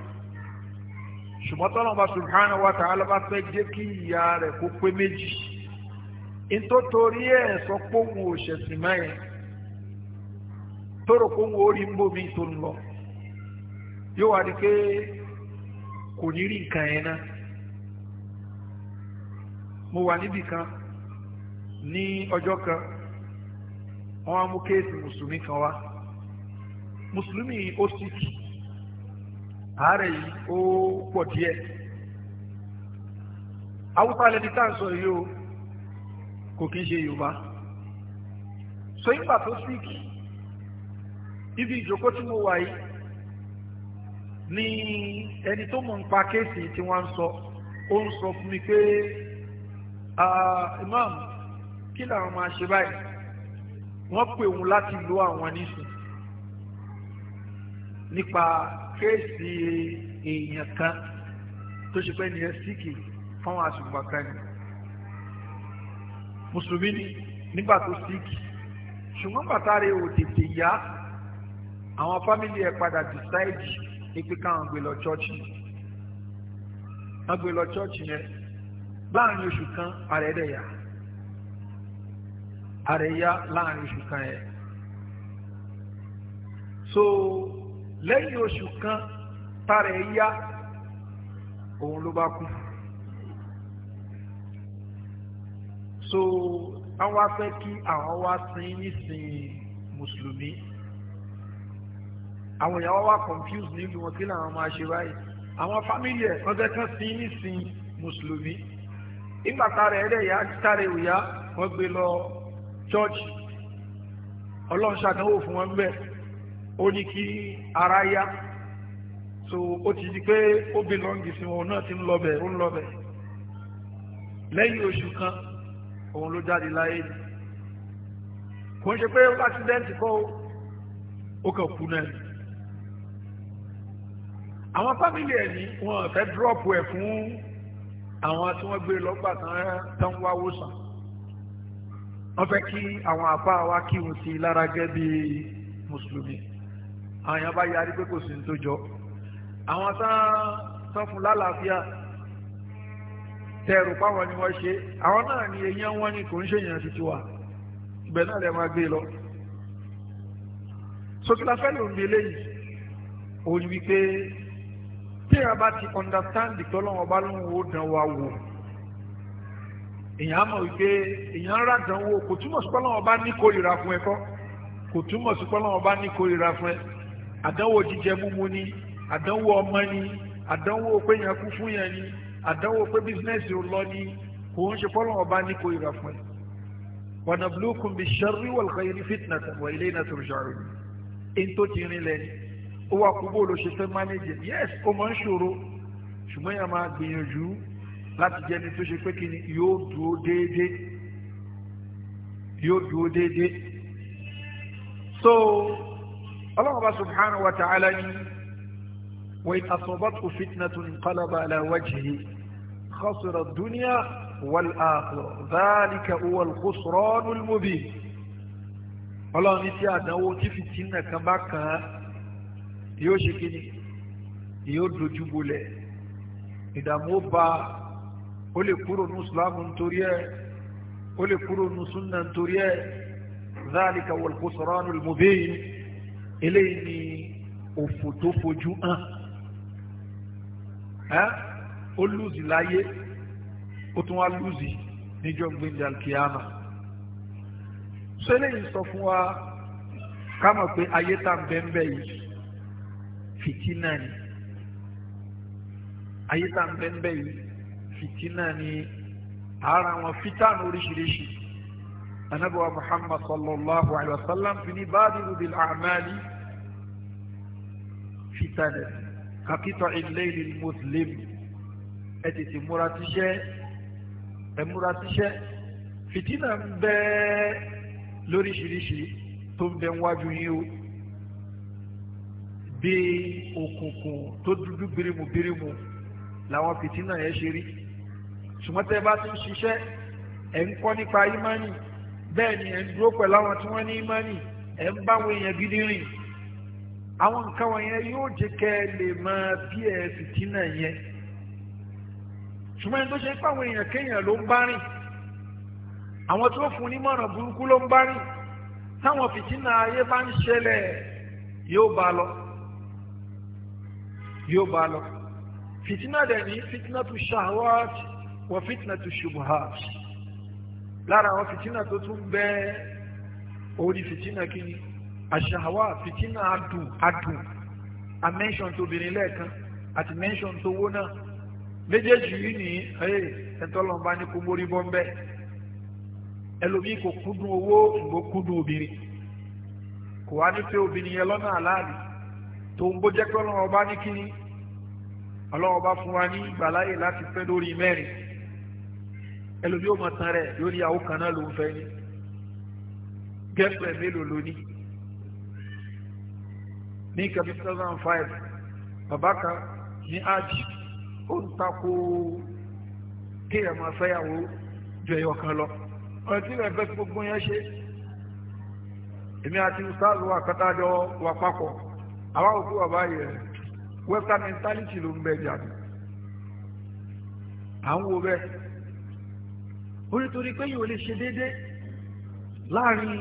ṣùgbọ́n tọ́lọ́mọba subhanahu wa ta'ala alaba fẹ́ jẹ́ kí ìyá rẹ̀ kó pé méjì nítorí ẹ̀ sọ pé òun ò lọ yóò wá di pé kò ní wà níbì kan ní ọjọ́ wọ́n wá mú kéèsì mùsùlùmí kan wá mùsùlùmí yìí ó síkì àárẹ̀ yìí ó pọ̀ díẹ̀ awúsá lẹni tá à ń sọ yìí o kò kí ń ṣe yorùbá so ìgbà tó síkì ibi ìjókòó tí mo wà yìí ni ẹni tó mọ̀ ń pa kéèsì tí wọ́n ń sọ ó ń sọ fún mi pé ah, imam kí làwọn máa ṣe báyìí wọ́n pè òun láti lo àwọn nísìn nípa kéèsì èèyàn kan tó ṣe pé nìyẹn síkì fáwọn àṣùgbọ̀n kan ni mùsùlùmí ni nígbà tó síkì ṣùgbọ́n pàtàkì ò tètè yá àwọn fámìlì ẹ̀ padà dìsáìdì ipe káwọn gbé lọ chọ́ọ̀chì wọ́n gbé lọ chọ́ọ̀chì yẹn láàrin oṣù kan ààrẹ ààrẹ yá láàrin oṣù kan yẹn so lẹ́yìn oṣù kan tààrẹ yá òun ló bá kú so àwọn afẹ́ kí àwọn wá sin nísìn mùsùlùmí àwọn ìyàwó wa confused nílùú wọn kí làwọn máa ṣe báyìí àwọn fámìlì ẹ̀ wọ́n fẹ́ kán sin nísìn mùsùlùmí ìgbà tààrẹ ẹ̀rẹ̀ yá tààrẹ òyà wọ́n gbé lọ church ọlọ́run ṣàdánwò fún wọn bẹ́ẹ̀ ó ní kí ara yá so ó ti di pé ó belongi sí wọn náà ti ń lọbẹ̀ ó ń lọbẹ̀ lẹ́yìn oṣù kan òun ló jáde láyé ni kò ń ṣe pé accident kọ́ ó kàn kú náà àwọn fámìlì ẹ̀ ní wọn fẹ́ dúrọ́ọ̀pù ẹ̀ fún àwọn tí wọ́n gbé lọ́gbà tán tán wá wòsàn wọ́n fẹ́ kí àwọn àbá wa kí wọn sí lára gẹ́ bí mùsùlùmí àwọn yẹn bá yarí pé kò sí ní tó jọ àwọn tán fún lálàáfíà tẹrù páwọn ni wọ́n ṣe àwọn náà ni èèyàn wọn ni kò ń ṣèyàn títí wa ibẹ̀ náà lè máa gbé lọ sotila fẹ́lẹ̀ òun bíi eléyìí òun wípé tí a bá ti understand ìtọ́lọ́wọ́n bá lóun ó dán wa wò èèyàn mọ̀ wípé èèyàn ń ràdánwò kò túmọ̀ sí pọ́nlọ́wọ́ bá ní kórìíra fún ẹ kọ́ kò túmọ̀ sí pọ́nlọ́wọ́ bá ní kórìíra fún ẹ àdánwò jíjẹ múmu ni àdánwò ọmọ ni àdánwò pé yẹn kú fún yẹn ni àdánwò pé bísínẹ́sì ò lọ ni kò ń ṣe pọ́nlọ́wọ́ bá ní kórìíra fún ẹ. wa nabluukum bish-sharri wal-khayri fitnatan wa ilayna turja'un èyí tó ti rin lẹ́ni ó wà kú bó ló ṣe fẹ́ mánéjì ó máa ń ṣòro ṣùgbọ́n yẹn máa gbìyànjú láti jẹ́ ní tó ṣe pé kíni yóò dúró déédéé yóò dúró déédéé so ọlọ́run bá subhanahu wa ta'ala ni وإن أصابته فتنة انقلب على وجهه خسر الدنيا والآخرة ذلك هو الخسران المبين الله نسي أنه تفتن كما كان يوشكني يرد جبله إذا موبا ó lè kúrò ní islamu nítorí ẹ̀ ó lè kúrò ní sunna nítorí ẹ̀ dhalika wal khusranu al mubin eléyìí ni òfò tó fojú hàn ẹ́ ó lùzì láyé ó tún wá lùzì níjọ́ gbẹ̀ndẹ̀ alkiyama so eléyìí sọ fún wa ká pé ayé tá ń bẹ́ẹ̀ bẹ́ẹ̀ yìí fìtínà ni ayé tá ń bẹ́ẹ̀ bẹ́ẹ̀ yìí fìtínà ni ara wọn fítàn oríṣiríṣi anabuwa muhammad sallallahu alayhi wa sallam fi ni badiru bil a'mali fitana kakitọ ilayli muslim ẹ tètè múra tíṣẹ́ ẹ múra tíṣẹ́ fìtínà ń bẹ lóríṣiríṣi tó ń bẹ wájú yín o bí òkùnkùn tó dúdú birimu birimu làwọn fìtínà yẹn ṣe rí ṣùgbọ́n tẹ́ bá ti ń ṣiṣẹ́ ẹ̀ ń kọ́ nípa ìmánì bẹ́ẹ̀ ni ẹ̀ ń dúró pẹ̀lú àwọn tí wọ́n ní ìmánì ẹ̀ ń bá àwọn èèyàn gidi rìn àwọn nǹkan wọ̀nyẹn yóò jẹ́ kẹ́ ẹ lè máa bí ẹ fìtínà yẹn ṣùgbọ́n ẹni tó ṣe pé àwọn èèyàn kéèyàn ló ń bá rìn àwọn tó fún ní mọ̀ràn burúkú ló ń bá rìn táwọn fìtínà ayé bá ń ṣẹlẹ̀ yóò bá lọ yóò bá lọ fìtínà dẹ̀ ní fìtínà tu shahwat wa fitnatu shubuhat lára àwọn fitina tó tún bẹ orí fitina kini aṣahawa fitina adùn adu a mention tó obìnrin lẹ́ẹ̀kan àti mention tó wó náà méjèèjì yìí ni ẹ̀tọ́lọ́mba ní kó mórí bọ́ mbẹ́ ẹlòmíì kò kúndùn owó ìgbó kúndùn obìnrin kò wá ní pé obìnrin yẹn lọ́nà àláàlì tó ń bó pé ọlọ́run ní kíní ọlọ́run fún wa ní ìgbàláyè láti fẹ́ lórí mẹ́rin ẹlòmí ó máa tan rẹ̀ yóò ní àwọn kan náà ló ń fẹ́ ní gẹ́pẹ̀ mélòó ló ní. ní nǹkan bí two thousand and five bàbá kan ní aj ó ń takò kéèyàn máa fẹ́yàwó ju ẹyọ kan lọ ọ̀rẹ́ tí ìrẹ̀ fẹ́ gbogbo yẹn ṣe èmi àti ustaz wa wà papọ̀ àwa òkú bàbá yẹn western mentality ló ń bẹ jáde à ń wo bẹ́ẹ̀ orítorí pé yóò lè ṣe déédé láàrin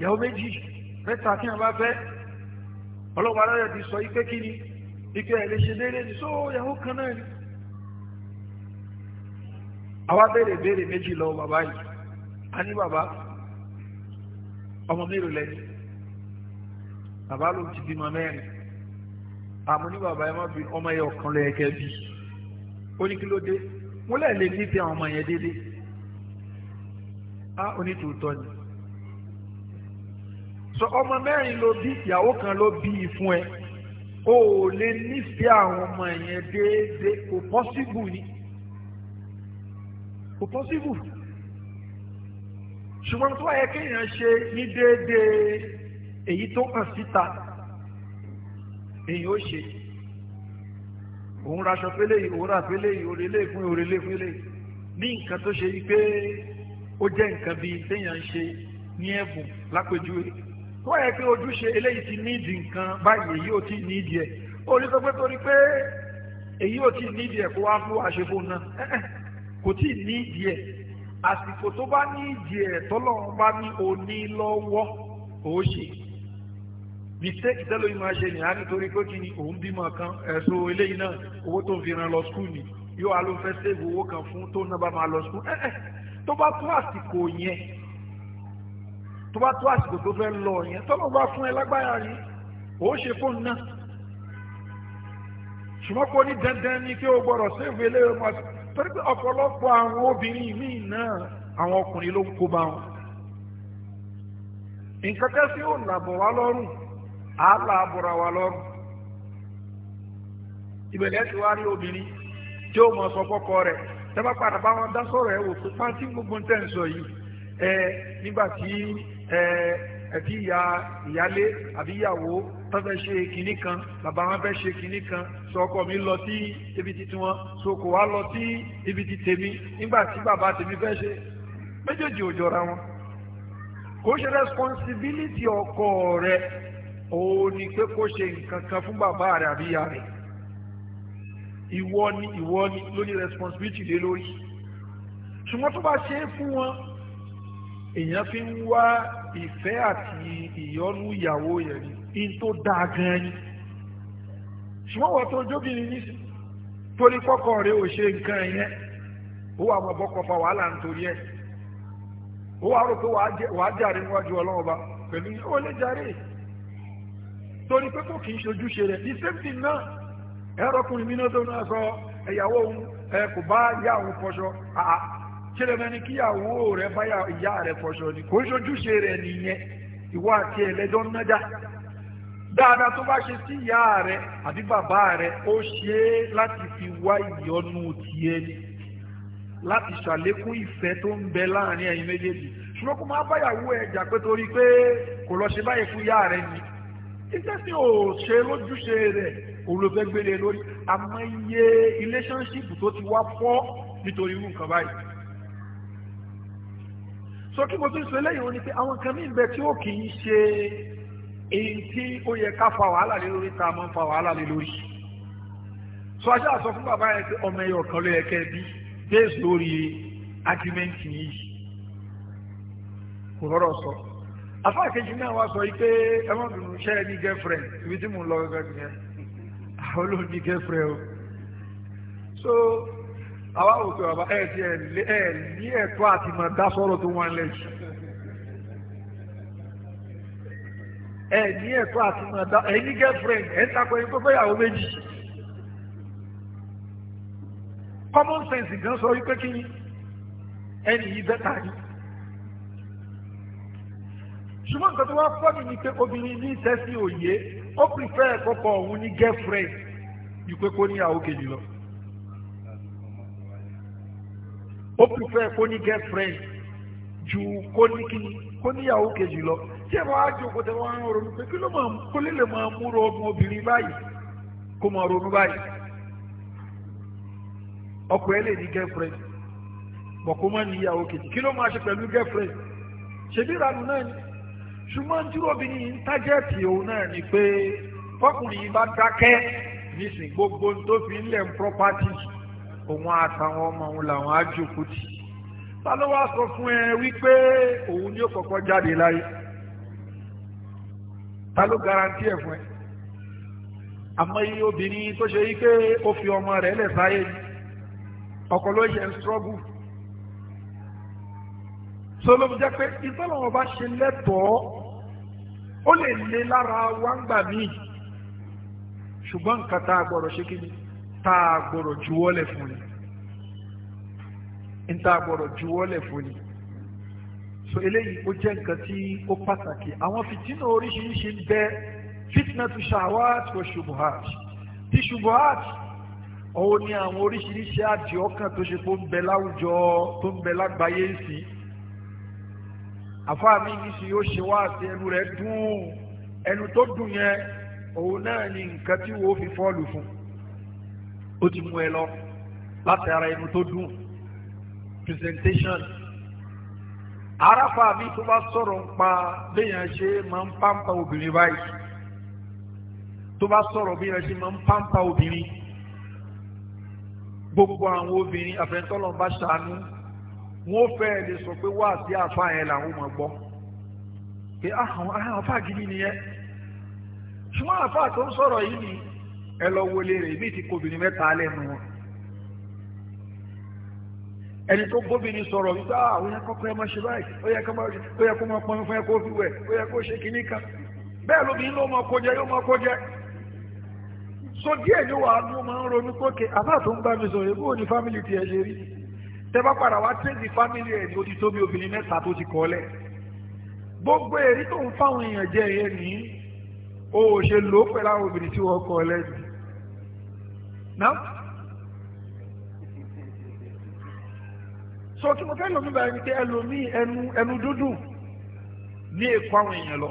ìyàwó méjì mẹ́ta tí wọ́n bá fẹ́ ọlọ́wọ́ aláyọ̀ ti sọ ipé kí ni ike ẹ̀ lè ṣe déédé ní só ìyàwó kan náà ni. àwa béèrè béèrè méjì lọ bàbá yìí a ní bàbá ọmọ mélòó lẹ́yìn bàbá ló ti bímọ mẹ́rin àmọ́ ní bàbá yẹn má bí ọmọ yẹn ọ̀kan lẹ́yìn kẹ́ bí ó mo lẹ́ẹ̀ lè níbi àwọn ọmọ yẹn déédéé á onítòótọ́ ni sọ ọmọ mẹ́rin ló bí ìyàwó kan ló bí i fún ẹ o ò lè nífẹ̀ẹ́ àwọn ọmọ yẹn déédéé kò pọ́síbù ni kò pọ́síbù ṣùgbọ́n tó wáyé kéèyàn ṣe ní déédéé èyí tó hàn síta èyí ó ṣe òun raṣọ pélé yìí òun rà pélé yìí òrèlé fún òrèlé fún eléyìí ní nǹkan tó ṣe yí pé ó jẹ́ nǹkan bíi téèyàn ń ṣe ní ẹ̀bùn lápèjúwe tó wáyé pé ojúṣe eléyìí ti nídìí nǹkan báyìí èyí ò tí ì nídìí ẹ̀ ó ní sọ pé torí pé èyí ò tí nídìí ẹ̀ kó wá fún àṣefò náà kò tí nídìí ẹ̀ àsìkò tó bá nídìí ẹ̀ tọ́lọ́run bá ní òní lọ́wọ́ òó ṣe mistake tẹ́lẹ̀ yìí máa ṣe nìyá nítorí pé kí ni òun bímọ kan ẹ̀sùn eléyìí náà owó tó ń fi ran lọ skul ni yóò wá ló ń fẹ́ save owó kan fún tó ń náà bá máa lọ skul ẹ̀ẹ́ tó bá tó àsìkò yẹn tó bá tó àsìkò tó fẹ́ lọ yẹn tọ́lọ́ bá fún ẹ lágbára yìí ó ṣe fóònù náà ṣùgbọ́n kò ní dandan ni pé o gbọ́dọ̀ sèvù eléyìí ọmọ àti torí pé ọ̀pọ̀lọpọ̀ àwọn obìnrin míì náà àwọn ọkùnrin ló ń kó bá wọn nǹkan kẹsí ò làbọ̀ wá lọ́rùn á là àbọ̀rà wá lọ́rùn ìbẹ̀lẹ̀ ti wá rí obìnrin tí ó mọ̀ sọ fọ́kọ rẹ̀ tẹ́bá padà bá wọn dá sọ̀rọ̀ ẹ̀ wò pé pàǹtí gbogbo tẹ̀ ń sọ yìí ẹ nígbà tí ẹ ẹbí ìyá ìyálé àbí ìyàwó tó fẹ́ ṣe kinní kan bàbá wọn fẹ́ ṣe kinní kan sọ ọkọ mi lọ sí ibi titi wọn so kò lọ sí ibi ti tèmi nígbà tí bàbá tèmi fẹ́ ṣe méjèèjì ò jọra wọn kò ṣe responsibility ọkọ rẹ òun ni pé kó ṣe nǹkan kan fún bàbá rẹ àbí ìyá rẹ ìwọ ni ìwọ ni ló responsibility lé lórí ṣùgbọ́n tó bá ṣe é fún wọn èèyàn fi ń wá ìfẹ́ àti ìyọ́nú ìyàwó yẹn ni in tó dáa gan ni ṣùgbọ́n wọ́n tó jóbìnrin ní torí kọ́kọ́ rẹ̀ ò ṣe nǹkan yẹn ó wà mọ̀ bọ́kọ̀ wàhálà nítorí ẹ̀ ó wà rò pé wàá jàre níwájú ọlọ́run ọba pẹ̀lú ó lè jàre torí pé kò kì í ṣojúṣe rẹ̀ the same thing náà ẹ̀rọkùnrin mi náà tó náà sọ ẹ̀yàwó òun ẹ kò bá ìyá òun fọṣọ àà kílẹ̀ mẹ́ni kíyàwó rẹ̀ bá ìyá rẹ̀ fọṣọ ni kò ń ṣojúṣe rẹ̀ nìyẹn ìwọ àti ẹ̀lẹ́jọ́ ń nájà dáadáa tó bá ṣe sí ìyá rẹ̀ àbí bàbá rẹ̀ ó ṣe é láti fi wá ìyọnu tiẹ̀ ni láti ṣàlékún ìfẹ́ tó ń bẹ láàrin ẹ̀yin méjèèjì ṣùgbọ́n kó máa báyàwó ẹ̀ jà torí pé kò lọ ṣe báyìí fún ìyá rẹ̀ ni ìjẹ́sìn ò ṣe lójúṣe rẹ̀ olùfẹ́ gbélé e lórí àmọ́ iye relationship tó ti wá fọ́ nítorí irú nǹkan báyìí. sọ kí mo tún sọ eléyìí wọn ni pé àwọn nǹkan míì bẹ tí ó kì í ṣe èyí tí ó yẹ ká fa wàhálà lé lórí tá a máa ń fa wàhálà lé lórí. sọ ajá sọ fún bàbá yẹn pé ọmọ ẹyọ kan ló yẹ kẹ bí based lórí argument yìí kò rọrọ sọ. afáàkejì náà wá sọ yìí pé ẹ má bínú ṣẹ́ ẹ ní girlfriend ibi tí mò ń lọ gẹ́gẹ́ nìyẹn. olóòní gẹ́fẹ́ o so àwa wò pé bàbá ẹ ti ẹ ní ẹ̀tọ́ àti mọ̀ dá sọ́rọ̀ tó wọ́n lẹ̀ jù ẹ ní ẹ̀tọ́ àti mọ̀ dá ẹ ní gẹ́fẹ́ ẹ ń takọ ẹni tó fẹ́ yàwó méjì common sense gan sọ wípé kí ẹni yìí bẹ́tà yìí ṣùgbọ́n nǹkan tó wá fọ́ mi ni pé obìnrin ní ìtẹ́sí òye ó prefer kọ́kọ́ òun ní girlfriend ju pé kó níyàwó kejì lọ ó prefer kó ní girlfriend ju kó ní kíni kó níyàwó kejì lọ tí ẹ bá wá jókòó tẹ wọn á ronú pé kí ló máa kó lè lè máa múra ọmọ obìnrin báyìí kó máa ronú báyìí ọkọ ẹ lè ní girlfriend bọ̀ kó má níyàwó kejì kí ló máa ṣe pẹ̀lú girlfriend ṣèbí ìranù náà ni ṣùgbọ́n tí obìnrin yìí ń tájẹ́ẹ̀tì òun náà ni pé fọkùnrin yìí bá dákẹ́ nísìn gbogbo tó fi ń lẹ̀ ń property òun àtàwọn ọmọ òun làwọn á jòkó tì ta ló wá sọ fún ẹ wípé òun ni ó kọ́kọ́ jáde láyé ta ló garanti ẹ̀ fún ẹ àmọ́ iye obìnrin tó ṣe wípé ó fi ọmọ rẹ̀ lẹ̀ sáyé ni ọkọ ló yẹ ń struggle sọlọ́mù jẹ́ pé ìtọ́lọ́wọ́ bá ṣe lẹ́tọ̀ọ́ ó lè lé lára wa ń gbà míì ṣùgbọ́n nǹkan tá a gbọ́dọ̀ ṣe kí ni tá a gbọ́dọ̀ juwọ́lẹ̀ fún ni n tá gbọ́dọ̀ juwọ́lẹ̀ fún ni so eléyìí ó jẹ́ nǹkan tí ó pàtàkì àwọn fìtínà oríṣiríṣi ń bẹ fitna tu shawat wa shubuhat ti shubuhat òun ni àwọn oríṣiríṣi àdìọ́kàn tó ṣe tó ń bẹ láwùjọ tó ń bẹ lágbàáyé sí i àfáà mi ní sì yóò ṣe wá àti ẹnu rẹ̀ dùn ẹnu tó dùn yẹn òun náà ni nǹkan tí wò fi fọ́ọ̀lù fún ó ti mú ẹ lọ láti ara ẹnu tó dùn presentation arafa mi tó bá sọ̀rọ̀ ń pa béèyàn ṣe máa ń pàǹpà obìnrin báyìí tó bá sọ̀rọ̀ béèyàn ṣe máa ń pàǹpà obìnrin gbogbo àwọn obìnrin àfẹ́ntọ́lọ́ bá ṣàánú wọ́n fẹ́ẹ́ lè sọ pé wá sí àfa yẹn làwọn máa gbọ́ pé ah, àwọn ah, àfa gidi nìyẹn ṣùgbọ́n àfa tó ń sọ̀rọ̀ yìí ni ẹ lọ wọlé rẹ̀ èmi ti kó obìnrin mẹ́ta lẹ́nu wọn ẹni tó bóbìnrin sọ̀rọ̀ wípé ah, ó yẹ kọ́kọ́ ẹ máa ṣe báyìí ó yẹ kó máa pọnmi fún ẹ kó fi wẹ̀ ó yẹ kó ṣe kínní kan bẹ́ẹ̀ lóbìnrin ló máa kó jẹ yóò máa kó jẹ so díẹ̀ ni wàá dún máa ń ronú pé àbá tó ń bá mi sọ̀rọ̀ èbó ni fámìlì tiẹ̀ ṣe rí tẹ́bá padà wá tẹ́sí fámìlì ẹ̀ ní odi tóbi obìnrin mẹ́ta tó ti kọ́lẹ̀ gbogbo èrí tó ń fáwọn èèyàn jẹ́ ẹ̀yẹ ní o ò ṣe lò ó pẹ̀lú àwọn obìnrin tí wọ́n kọ́lẹ̀ jù náà. sọ kí mo fẹ́ lómi báyìí ni pé ẹlòmíì ẹnu ẹnu dúdú ní èkó àwọn èèyàn lọ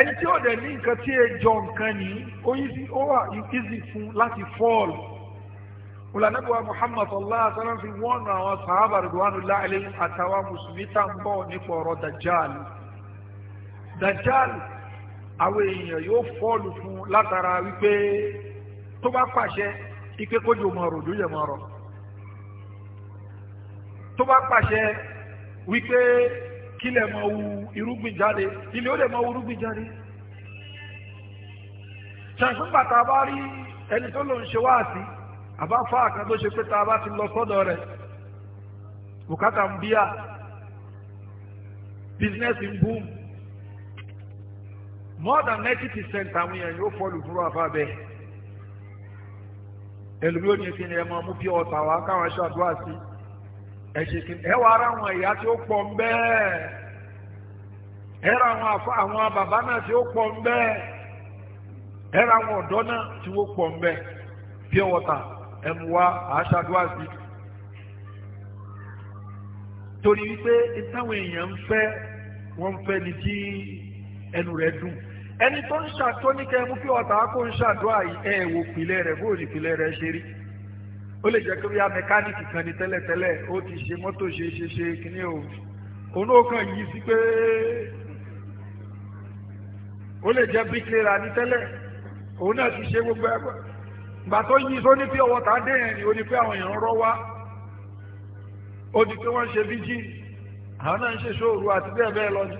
ẹni tí ó dẹ̀ ní nǹkan tí ẹ jọ nǹkan ní ó yí sí ó wà easy fún láti fọ́ọ̀lù olùdókòwò muhammad sallallahu alaihi wa sallam fi wọ́n nù àwọn sàhábà ridwanullahi alayhim àtàwọn mùsùlùmí tá ń bọ̀ nípa ọ̀rọ̀ dajjal dajjal àwọn èèyàn yóò fọ́ọ̀lù fún látara wípé tó bá pàṣẹ ike kójú mọ̀ ọ̀rọ̀ òjòjò mọ̀ ọ̀rọ̀ tó bá pàṣẹ wípé kílẹ̀ mọ̀ wu irúgbìn jáde ilé ó lè mọ̀ wu irúgbìn jáde ṣàǹfùn bàtà bá rí ẹni tó lòun ṣe wáàsí aba kan tó ṣe pé tá bá ti lọ sọ́dọ̀ rẹ̀ bùkátà ń bíyà bísínẹ́sì ń búùmù more than ninety percent àwọn èèyàn yóò fọlù fúru àfa ẹlòmí ò ní kí ni ẹ máa mú bí ọ̀tà wá káwọn aṣọ àdúrà sí ẹ ṣe kí ẹ wá ara àwọn tí ó pọ̀ ẹ ra àwọn àfa àwọn bàbá náà tí ó ẹ ra àwọn ọ̀dọ́ náà tí ó pọ̀ ń bẹ́ẹ̀ bí ẹmu wa àṣàdúrà sí torí wípé táwọn èèyàn ń fẹ́ wọ́n ń fẹ́ ni tí ẹnu rẹ̀ dùn ẹni tó ń ṣàtó ní kẹ́ mú kí ọ̀tá kó ń ṣàdúrà ẹ̀ wò pìlẹ̀ rẹ̀ bó ní pìlẹ̀ rẹ̀ ṣe rí ó lè jẹ́ pé bíi mẹkáníìkì kan ní tẹ́lẹ̀tẹ́lẹ̀ ó ti ṣe mọ́tò ṣe ṣe ṣe kíní o òun ó kàn sí pé ó lè jẹ́ bíkẹ́ra ní tẹ́lẹ̀ òun náà ti ṣe gbogbo ẹgbẹ́ gbà tó yí só ní pé ọwọ́ tá dé yẹn ni ó ní pé àwọn èèyàn ń wá ó di pé wọ́n ṣe fíjì àwọn náà ń ṣe ṣòro àti bẹ́ẹ̀ bẹ́ẹ̀ lọ ni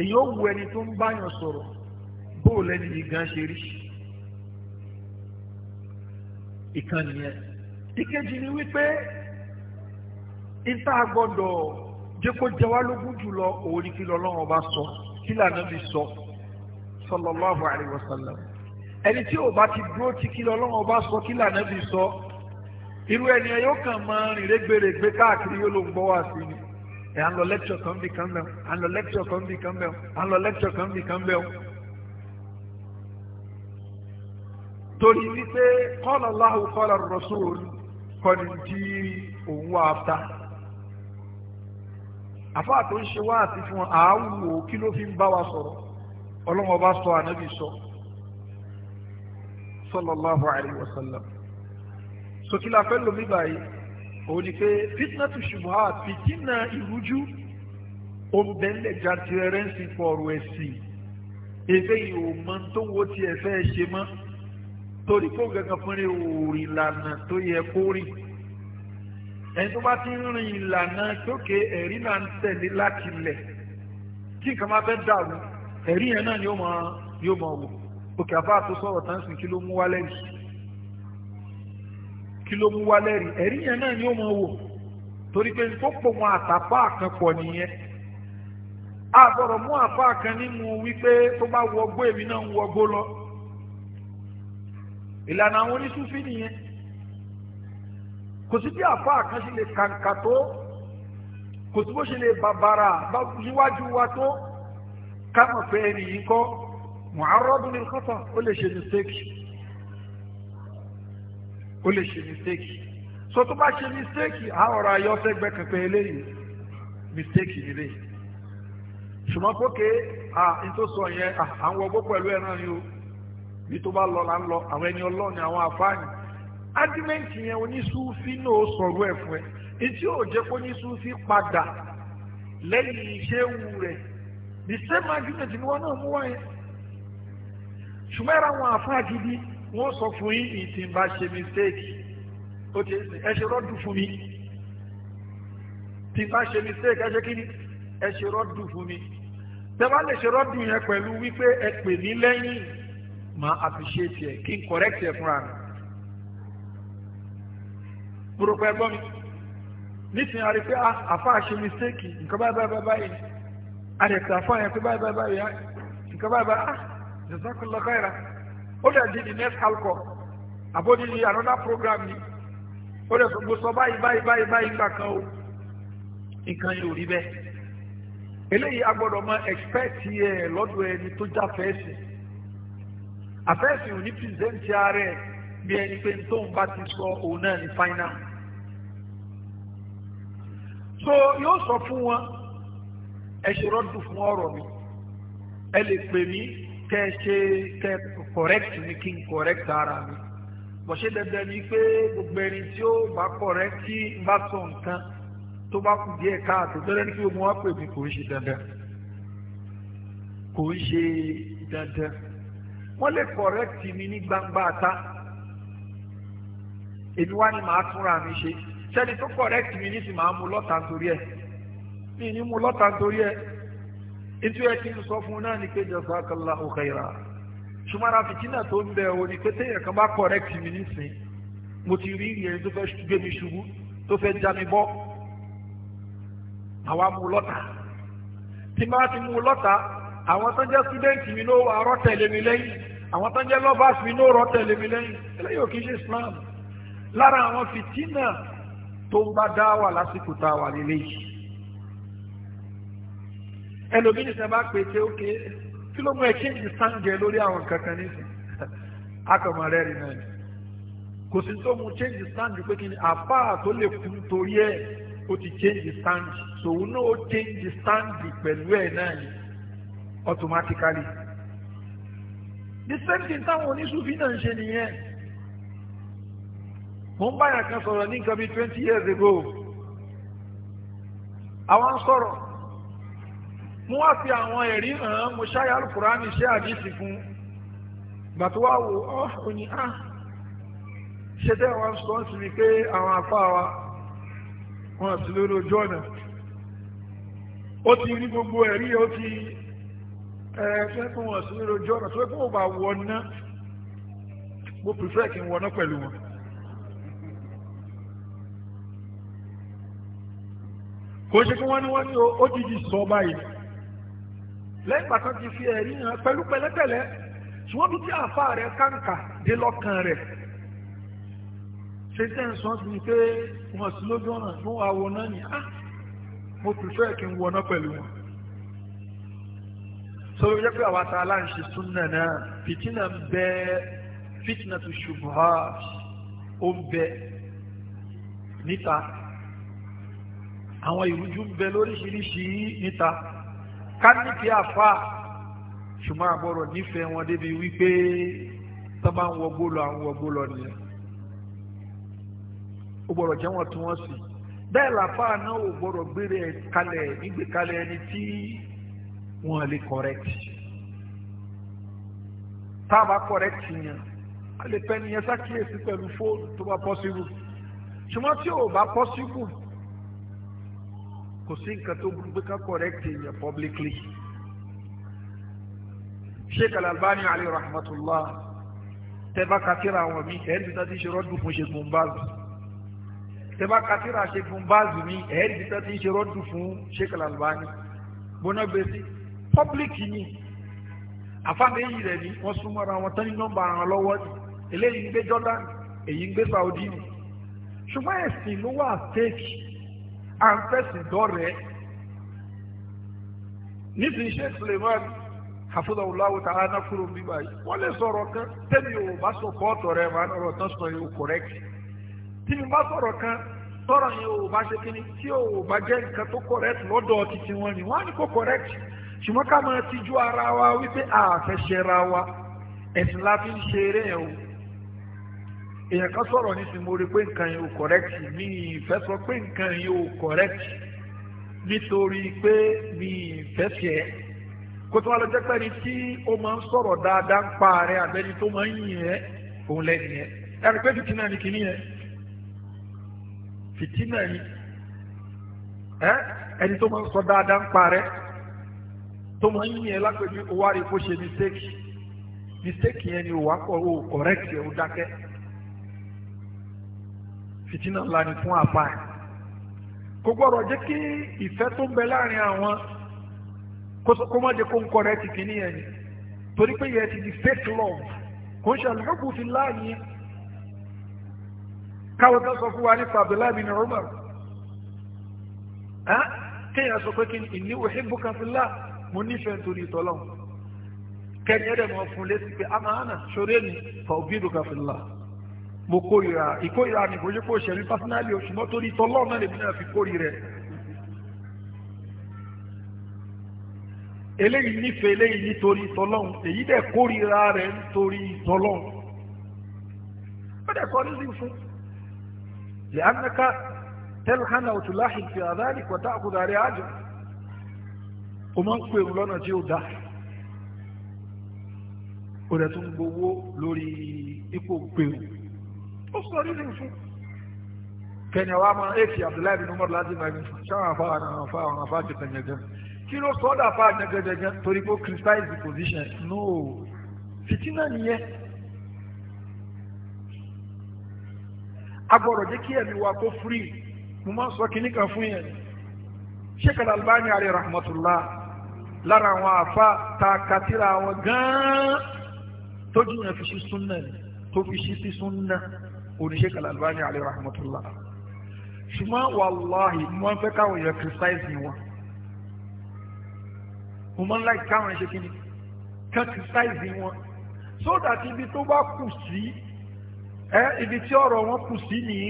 èyí ó wu ẹni tó ń báyàn sọ̀rọ̀ bóò lẹ́ni yìí gan ṣe rí ìkànnì yẹn ìkejì ni wípé ìta gbọ́dọ̀ jẹ́ kó jẹ wá lógún jùlọ òun ni kí lọ́lọ́run ọba sọ kí lànà bí sọ sallallahu alaihi wasallam ẹni tí ò bá ti dúró tí kí lọ́lọ́run ọba sọ kí lànà bí sọ irú ẹni ẹ yóò kàn máa rìn rẹ́gbẹ̀rẹ̀gbẹ̀ káàkiri yóò ló ń gbọ́ wá sí ni ẹ̀ à ń lọ lẹ́kṣọ̀ kan bí kan bẹ́ẹ̀ à ń lọ lẹ́kṣọ̀ kan bí kan bẹ́ẹ̀ à ń lọ lẹ́kṣọ̀ kan bí kan bẹ́ẹ̀ torí wípé qala Allahu qala ar-rasul kọ́ni tí òun wá afta àfáà tó ń ṣe wá àti fún àáwù kí ló fi ń bá wa sọ̀rọ̀ ọlọ́run sọ ànábì sọ sallallahu alayhi wa sallam sókè la fẹ́ lomi báyìí òun ni pé fitnatu shubuhat fìtínà ìrújú òǹbẹ̀lẹ̀ jàǹtìrẹrẹ́ǹsì pọ̀rọ̀ ẹ̀sìn ebe yìí ò mọ tó wo tiẹ̀ fẹ́ ṣe mọ́ torí kó gẹ́gẹ́ fún rẹ̀ òòrì ìlànà tó yẹ kó rìn ẹni tó bá ti ń rin ìlànà tókè ẹ̀rí náà ń tẹ̀lé láti lẹ̀ tí nǹkan bá fẹ́ dàrú ẹ̀rí yẹn náà ni ó mọ wò òkè àfáà tó sọ̀rọ̀ táǹsì kí ló mú wá lẹ́rìí kí ló mú wá lẹ́rìí ẹ̀rí yẹn náà ni ó mọ̀ wò torí pé tó pò mọ́ àtàfà kan pọ̀ nìyẹn a gbọ́dọ̀ mú àfáà kan nínú wípé tó bá wọgbó èmi náà ń wọgbó lọ ìlànà àwọn onísúfí nìyẹn kò sí bí àfáà kan ṣe lè kàǹkà tó kò sí bó ṣe lè bàbàrà níwájú wa tó ká mọ̀ pé ẹnì kọ́ mu'arradu lil khata ó lè ṣe mistake ó lè ṣe mistake so tó bá ṣe mistake àwọn ọ̀rọ̀ ayọ́ sẹ́gbẹ́ kankan eléyìí mistake nílé ṣùgbọ́n fókè à tó sọ yẹn àwọn ọgbó pẹ̀lú ẹ̀ náà ni o bí tó bá lọ là ń lọ àwọn ẹni ọlọ́ọ̀ni àwọn àfáàní ádímẹ́ǹtì yẹn oníṣúfí náà sọ̀rọ̀ ẹ̀ fún ẹ etí ò jẹ́ kó oníṣúfí padà lẹ́yìn iṣẹ́ wù rẹ̀ the same argument ni wọ́n náà mú wáyẹn ṣùgbọ́n ara àwọn àfáà gidi wọ́n sọ fún yín ìtì ń bá ṣe mistake ó ti ẹ ṣe rọ́dù fún mi tí ń bá ṣe mistake ẹ ṣe kí ni ẹ ṣe rọ́dù fún mi tẹ́ bá lè ṣe rọ́dù yẹn pẹ̀lú wípé ẹ pè mí lẹ́yìn máa appreciate ẹ kí n correct ẹ fúnra mi burúkú ẹgbọ́n mi nísìnyí a rí pé ah, àfáà ṣe mistake nǹkan báyìí báyìí báyìí a àfáà yẹn pé báyìí báyìí báyìí jazakallah khairan ó dẹ̀ di the next alcohol àbódi di another program ni ó dẹ̀ gbogbo sọ báyìí báyìí báyìí báyìí gbà kan o nǹkan yìí ò rí bẹ́ẹ̀ eléyìí a gbọ́dọ̀ mọ expect ẹ lọ́dọ̀ tó já fẹ́ẹ̀sì àfẹ́ẹ̀sì ò ní pìrìsẹ́ǹtì ààrẹ bí ẹni pé tóun bá ti sọ òun náà ní final so yóò sọ fún wọn ẹ ṣe rọ́dù fún ọ̀rọ̀ mi ẹ lè pè mí kẹ ṣe kẹ correct mi kí n correct ara mi bọ̀ ṣe dandan ni pé gbogbo ẹni tí ó bá correct tí n bá sọ nǹkan tó bá kù díẹ̀ káàtó tó lẹ́nu kí gbogbo wọn pè mí kò ń ṣe dandan kò ń ṣe dandan wọ́n lè correct mi ní gbangba ta èmi wá ni màá túnra mi ṣe sẹ́ni tó correct mi ní sì máa mú lọ́ta torí ẹ̀ mi ní mú lọ́ta torí ẹ̀ ìtú ẹ ti ń sọ fún un náà ni pé jazakallahu khaira ṣùgbọ́n fìtínà tó ń bẹ o ni pé téèyàn kan bá correct mi nísìn mo ti rí ìyẹn tó fẹ́ gbé mi ṣubú tó fẹ́ já mi bọ́ àwa mú lọ́tà tí máa ti mú lọ́tà àwọn tó ń jẹ́ student mi ló wà rọ́ tẹ̀lé mi lẹ́yìn àwọn tó ń jẹ́ lovers mi ló rọ́ tẹ̀lé mi lẹ́yìn eléyìí ò kì í ṣe Islam lára àwọn fìtínà tó ń bá dá wà lásìkò tá a wà lélẹ́yìí ẹlòmíì nìkan bá pè ṣe ókè kí ló mú ẹ kí ní sáǹjẹ lórí àwọn kankan ní sìn akọmọ rẹ rí náà kò sí tó mú change stand pé kí ni àfáà tó lè kú torí ẹ ó ti change stand sòun náà ó change stand pẹ̀lú ẹ náà ni automatically the same thing táwọn oníṣùfì náà ń ṣe nìyẹn mo ń báyà kan sọ̀rọ̀ ní nǹkan bíi twenty years ago àwọn sọ̀rọ̀ mo wá fi àwọn ẹ̀rí hàn mo ṣáyà alukurani ṣe àdìsí fún gbà tó wá wò ó ò á ṣe tẹ́ wọn sọ ń sinmi pé àwọn afá wa wọn sì lórí ojú ọ̀nà ó ti rí gbogbo ẹ̀rí ó ti ẹ fẹ́ fún wọn sí lórí ojú ọ̀nà tó fẹ́ fún ọba wọ ná mo prefer kí n wọ ná pẹ̀lú wọn. kò ṣe kí wọ́n ní wọ́n ní ó ti di sọ báyìí lẹ́yìn pàtó ti fi ẹ̀rí hàn pẹ̀lú pẹ̀lẹ́pẹ̀lẹ́ ṣùgbọ́n bí tí àfa rẹ̀ kàǹkà dé lọ́kàn rẹ̀ ṣe tẹ́ ń sọ sí ni pé wọ́n sì lójú ọ̀nà tó wà wọ náà ni á ah, mo prefer kí n wọ náà pẹ̀lú wọn. sọ́dọ̀ jẹ́ pé àwa ta aláǹṣe súnà náà fìtínà ń bẹ fìtínà tó ṣubú ha ó ń bẹ níta àwọn ìrújú ń bẹ lóríṣiríṣi níta ká nífẹ̀ẹ́ àfa ṣùgbọ́n àbọ̀rọ̀ nífẹ̀ẹ́ wọn débi wípé tó bá ń wọgbó lọ àwọn wọgbó lọ nìyẹn ó gbọ́dọ̀ jẹ́ wọn tí wọ́n sì bẹ́ẹ̀ làfa náà ò gbọ́dọ̀ gbére kalẹ̀ nígbè kalẹ̀ ẹni tí wọ́n lè correct tá a bá correct yẹn a lè pẹ́ nìyẹn sákìyèsí pẹ̀lú fóònù tó bá possible ṣùgbọ́n tí ò bá possible kò sí nǹkan tó gbé ká correct yẹn publicly sheikh al-albani alayhi rahmatullah tẹ́bá katira àwọn mi ẹ̀ẹ́dì tó ti ṣe rọ́dù fún sheikh mumbaz tẹ́bá katira sheikh mumbaz mi ẹ̀ẹ́dì tó ti ṣe rọ́dù fún sheikh al-albani gbóná gbèsè public ni àfàmẹ́yìn rẹ̀ ni wọ́n súnmọ́ra wọn tán ní nọ́mbà àwọn lọ́wọ́ ni eléyìí ń gbé jordan èyí ń gbé saudi ṣùgbọ́n ẹ̀sìn ló wà stake à ń fẹ̀sìn dọ́rẹ̀ẹ́ nísìnyí Sheikh Suleiman hafidhahullahu ta'ala kúrò bí báyìí wọ́n lè sọ̀rọ̀ kan tẹ́mi ò bá sọ kọ́ọ̀tọ̀ rẹ̀ máa ń ọ̀rọ̀ tán sọ yóò kọ̀rẹ́kì tí mi bá sọ̀rọ̀ kan tọ́rọ̀ yẹn ò bá ṣe kíni tí ò bá jẹ́ nǹkan tó kọ̀rẹ́kì lọ́dọ̀ títí wọn ni wọ́n á ní kó kọ̀rẹ́kì ṣùgbọ́n ká máa tijú ara wa wípé àfẹsẹ̀ ra wa ẹ̀sìn la ń ṣe eré yẹn o èèyàn kan sọ̀rọ̀ nísìnyí mo rí pé nǹkan yìí ò correct mi ìfẹ́ sọ pé nǹkan yìí ò correct nítorí pé mi ìfẹ́ fẹ́ kó tó wá lọ jẹ́ pé ẹni tí ó máa ń sọ̀rọ̀ dáadáa ń pa rẹ̀ àbẹ́ni tó máa ń yìn ẹ́ òun lẹ́nu yẹn ẹni pé fìtínà ni kìíní yẹn fìtínà ni ẹni tó máa ń sọ dáadáa ń pa rẹ̀ tó máa ń yìn ẹ́ lápẹ̀jú owó àríkó ṣe mistake mistake yẹn ni ò wá kọ̀ ò correct yẹn ò dákẹ́ fìtínà ńlá ni fún àpá ẹ̀ kò gbọ́dọ̀ jẹ́ kí ìfẹ́ tó ń bẹ láàrin àwọn kó má jẹ́ kó ń kọ́ rẹ̀ ti kìíní yẹn ni torí pé yẹn ti di fake love kò ń ṣàlùyọ́ kò fi láàyè káwọn tó sọ fún wa nípa Abdullahi bin Umar kéèyàn sọ pé kí ni inni uhibbuka fillah mo nífẹ̀ẹ́ nítorí ìtọ́lọ́hún kẹ́ni ẹ̀rẹ̀ mọ̀ fún létí pé àmàánà ṣoré ni fa uhibbuka fillah mo kórìíra ìkórìíra mi kò ṣe pé òṣèlú pásínálì òṣùmọ́ torí tọ́lọ́ náà lèmi náà fi kórìíra eléyìí nífẹ̀ẹ́ eléyìí nítorí tọ́lọ́hún èyí dẹ̀ kórìíra rẹ̀ nítorí tọ́lọ́hún ó dẹ̀ kọ́ nísìnyí fún lẹ́hánnẹ́ká tẹ́lẹ̀hánà òtúláhì fi àdáàlì kọ̀tà àkùdà rẹ̀ àjọ ó máa ń pè ń lọ́nà tí ó dá ó dẹ̀ tún gbowó lórí ipò pèrò ó sọ rí nìyí fún kẹnyẹ wa máa èsì abdullahi bin umar láti máa gbé fún sáwọn afa àwọn afa àwọn afa ti kàn yẹgẹ kí ló sọ dà fa jẹgẹjẹgẹ torí pé criticize the position no fitina nìyẹn agbọ́dọ̀ jẹ́ kí ẹ̀mí wa kó free mo máa sọ kíní kan fún yẹn sheikh al-albani alayhi rahmatullah lára àwọn afa ta katira àwọn gan-an tó jìyàn fi sí sunna tó fi sí sí sunna oníṣẹ́ kalalbani alayhi rahmatullah ṣùgbọ́n wàláhì mo máa ń fẹ́ káwọn èèyàn criticize ni wọn mo máa ń láì káwọn ṣe kí ni kan criticize ni wọn so that ibi tó bá kù sí ẹ ibi tí ọ̀rọ̀ wọn kù sí nìyí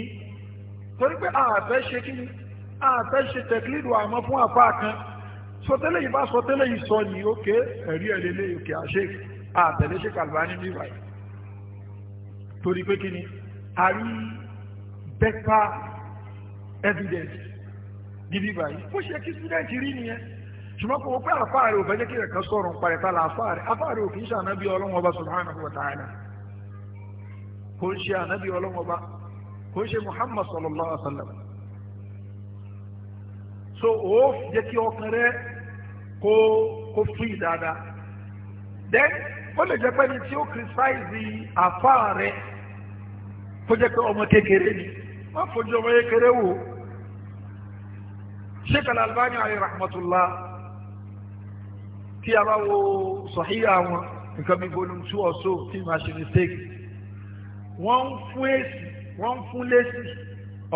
torí pé àfẹ́ ṣe kí ni àfẹ́ ṣe tẹ̀kílìdù àmọ́ fún àpá kan sọtẹ́lẹ̀ yìí bá sọtẹ́lẹ̀ yìí sọ ní òkè ẹ̀rí ẹ̀lẹ́lẹ́ òkè àṣẹ àtẹ̀lẹ́ṣẹ́ kàlùbá ní bíbáyìí torí pé kí ni a rí better evidence níbí báyìí ó ṣe kí student rí nìyẹn ṣùgbọ́n kò wọ́n pé àfáà rẹ̀ ò fẹ́ jẹ́ kí ẹ̀ka sọ̀rọ̀ ń parẹ́ tala àfáà rẹ̀ àfáà rẹ̀ ò kì í ṣe ànábì ọlọ́run ọba subhanahu wa ta'ala kò ń ṣe ànábì ọlọ́run ọba kò ṣe muhammad sallallahu alaihi so ó jẹ́ kí ọkàn rẹ̀ kó kó free then ó lè jẹ́ pẹ́ni criticize àfáà rẹ̀ kó jẹ́ pé ọmọ kékeré ni má fojú ọmọ kékeré wò Sheikh Al-Albani alayhi rahmatullah tí a bá wo sọ̀híyà wọn nǹkan mi volume two or so tí màá ṣe mistake wọ́n ń fún èsì wọ́n ń fún lésì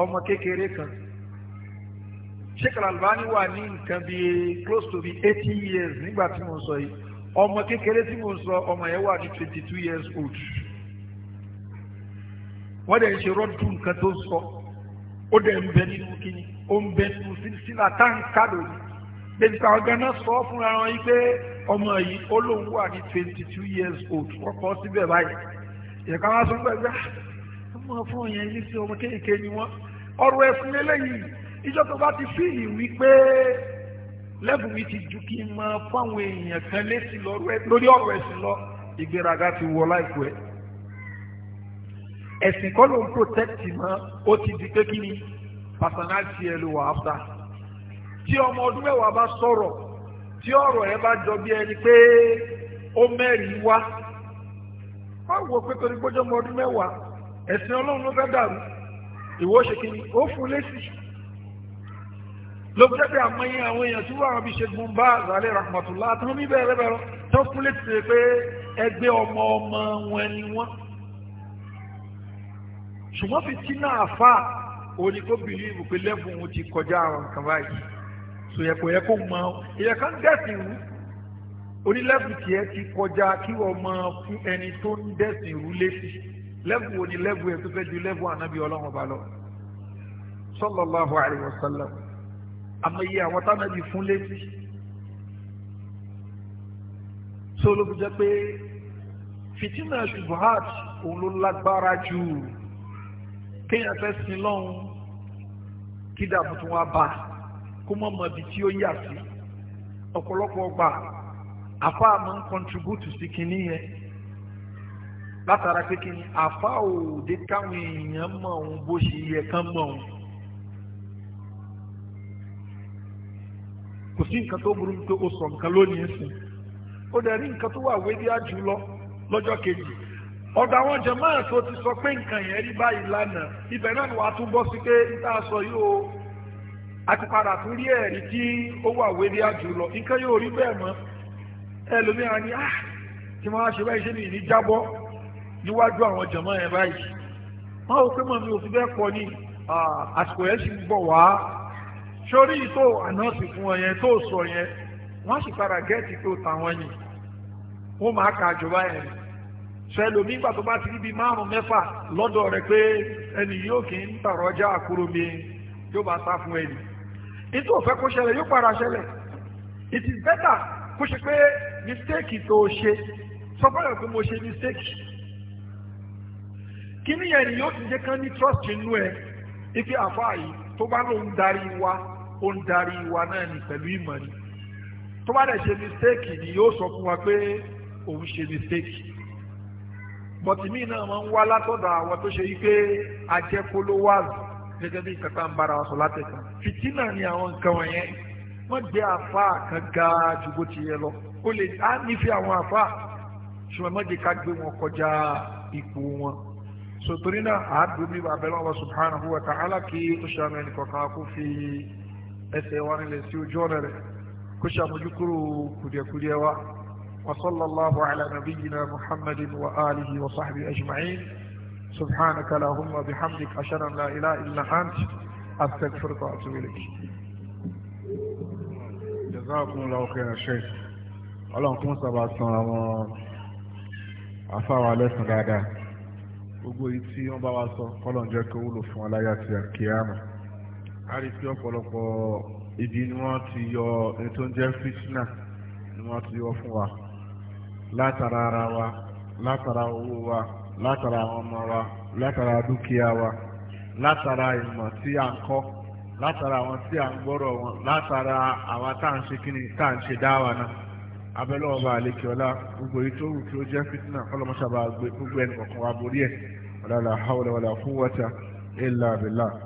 ọmọ kékeré kan Sheikh Al-Albani wà ní nǹkan bíi close to be eighty years nígbà tí mo sọ yìí ọmọ kékeré tí mo sọ ọmọ yẹn wà ní twenty two years old wọ́n dẹ̀ ń ṣe rọ́dù nǹkan tó sọ ó dẹ̀ ń bẹ nínú kíni ó ń bẹ nínú sílà táǹkà lòdì bẹ́ẹ̀ nípa náà sọ fúnra wọn yìí pé ọmọ yìí ó lóun wà ní twenty two years old wọ́n kọ́ síbẹ̀ báyìí ìyẹ̀ká wá sọ pé gbá ọmọ fún yẹn yìí sí ọmọ kéèké ni wọ́n ọ̀rọ̀ ẹ̀sìn eléyìí ìjọ bá ti fi ìwí pé lẹ́bùn mi ti ju kí n máa fáwọn èèyàn kan létí lórí ọ̀rọ̀ ẹ̀sìn lọ ìgbéraga ti wọ láìpẹ́ ẹ̀sìn kọ́ ló ń protect mọ́ ó ti di pé kí ni personality ẹ ló wà áfta tí ọmọ ọdún mẹ́wàá bá sọ̀rọ̀ tí ọ̀rọ̀ ẹ bá jọ bí ẹni pé ó mẹ́rin wá báwo pé torí gbọ́jọ́ ọmọ ọdún mẹ́wàá ẹ̀sìn ọlọ́run ló fẹ́ dàrú ìwọ ṣe kí ni ó fún lésì ló jẹ́ pé àmọ́yé àwọn èèyàn tí wọ́n àwọn ṣe gun bá àzàlẹ̀ rahmatullah tó ń bí bẹ́ẹ̀ bẹ́ẹ̀ tó fún lésì pé ẹgbẹ́ ọmọ ọmọ wọn ni wọ́n ṣùgbọ́n fìtínà àfa òní kó bìlíìfù pé lẹ́bùn òun ti kọjá àwọn nǹkan báyìí sòyẹ kò yẹ kó mọ èyẹ kan dẹ̀sìn rú onílẹ́bùn tiẹ̀ ti kọjá kí wọ́n mọ fún ẹni tó ń dẹ̀sìn rú létí lẹ́bùn òní lẹ́bùn ẹ̀ tó fẹ́ ju lẹ́bùn ànábì ọlọ́run ba lọ sallallahu alaihi wasallam àmọ́ iye àwọn tánábì fún létí sólóbi jẹ́ pé fìtínà ṣubuhat òun ló lágbára jù kéèyàn fẹ́ sin lọ́hùn kí dàbò tó wá bá kó mọ̀ mọ̀ ibi tí ó yà sí ọ̀pọ̀lọpọ̀ gbà àfa àmọ́ ń contribute sí kinní yẹn látara pé ni àfa ò dé káwọn èèyàn mọ̀ òun bó ṣe yẹ kán mọ̀ òun. kò sí nǹkan tó burú pé o sọ nǹkan lónìí sìn ó dẹ̀ rí nǹkan tó wà wédíà jù lọ lọ́jọ́ kejì ọ̀dọ̀ àwọn jẹ̀máà tó ti sọ pé nǹkan yẹn rí báyìí lánàá ibẹ̀ náà ni wàá tún bọ́ sí pé níta sọ yìí o àti padà tún rí ẹ̀rí tí ó wà wéde àjùlọ nǹkan yóò rí bẹ́ẹ̀ mọ́ ẹlòmíràn ni ah tí wọ́n á ṣe báyìí ṣe ní ìní jábọ́ níwájú àwọn jẹ̀máà yẹn báyìí má o pé mọ̀ mi ò fi bẹ́ẹ̀ pọ̀ ni àsìkò yẹn sì ń bọ̀ wá sórí tó ànáàsì fún ọ yẹn tó sọ yẹn wọ́n sì padà gẹ́ẹ̀tì tó tàwọn yìí wọ́n máa kà àjọba yẹn sẹ́lò nígbà tó bá ti ríbi márùn mẹ́fà lọ́dọ̀ rẹ̀ pé ẹni yóò kì í tààrọ̀ ọjà àkúrò mi yóò bá sá fún ẹni nítorí òfẹ́ kó ṣẹlẹ̀ yóò padà ṣẹlẹ̀ it is better kó ṣe pé mistake tó o ṣe sọ fọlọ́ pé mo ṣe mistake kí ni ẹni yóò ti jẹ́ kán ní trust inú ẹ ife àfáà yìí tó bá lóun darí wa ó ń darí wa náà ní pẹ̀lú ìmọ̀ ni tó bá dẹ̀ ṣe mistake ni yóò sọ fún wa pé òun ṣe mistake bọ̀tìmí náà máa ń wá látọ̀dọ̀ àwọn tó ṣe wípé ajẹ́kólówàzù gẹ́gẹ́ bí nǹkan tá ń bára wa sọ látẹ̀kọ́ fìtínà ni àwọn nǹkan wọ̀nyẹn wọ́n jẹ́ àfa kan ga ju bó ti yẹ lọ ó lè á nífẹ̀ẹ́ àwọn àfa ṣùgbọ́n má jẹ́ ká gbé wọn kọjá ipò wọn sotori náà àádùn mi bàbá ẹlọ́wọ́ bá subhanahu wa ta'ala kí ó ṣàmì ẹnì kọ̀ọ̀kan kó fi ẹsẹ̀ wa nílẹ̀ sí ojú ọ̀nà rẹ̀ kó ṣàmójúkúrò kùdìẹ̀kùdìẹ̀ wa. وصلى الله على نبينا محمد وآله وصحبه أجمعين سبحانك اللهم بحمدك أشهد أن لا إله إلا أنت أستغفرك وأتوب إليك جزاكم الله خير الشيخ ọlọ́run kún sábà san àwọn afáwa lẹ́sùn dáadáa gbogbo èyí tí wọ́n bá wa sọ kọ́lọ̀ jẹ́ kó wúlò fún aláyà ti àkíyàmù a rí pé ọ̀pọ̀lọpọ̀ ìdí ni wọ́n ti yọ ètò oúnjẹ fìtínà ni wọ́n ti yọ fún wa látara ara wa látara owó wa látara àwọn ọmọ wa látara dúkìá wa látara ìmọ̀ tí à ń kọ́ látara àwọn tí à ń gbọ́rọ̀ wọn látara àwa tá à ń ṣe kíni tá à ń ṣe dáwà náà abẹ́lẹ́ ọba àlekè ọlá gbogbo èyí tó wù kí ó jẹ́ fitna kọ́lọ́mọṣàbà gbogbo ẹnì kọ̀ọ̀kan wa borí ẹ̀ ọ̀làlà haúlẹ̀ wàlà fún wọ́tà ẹ̀ làbẹ̀là.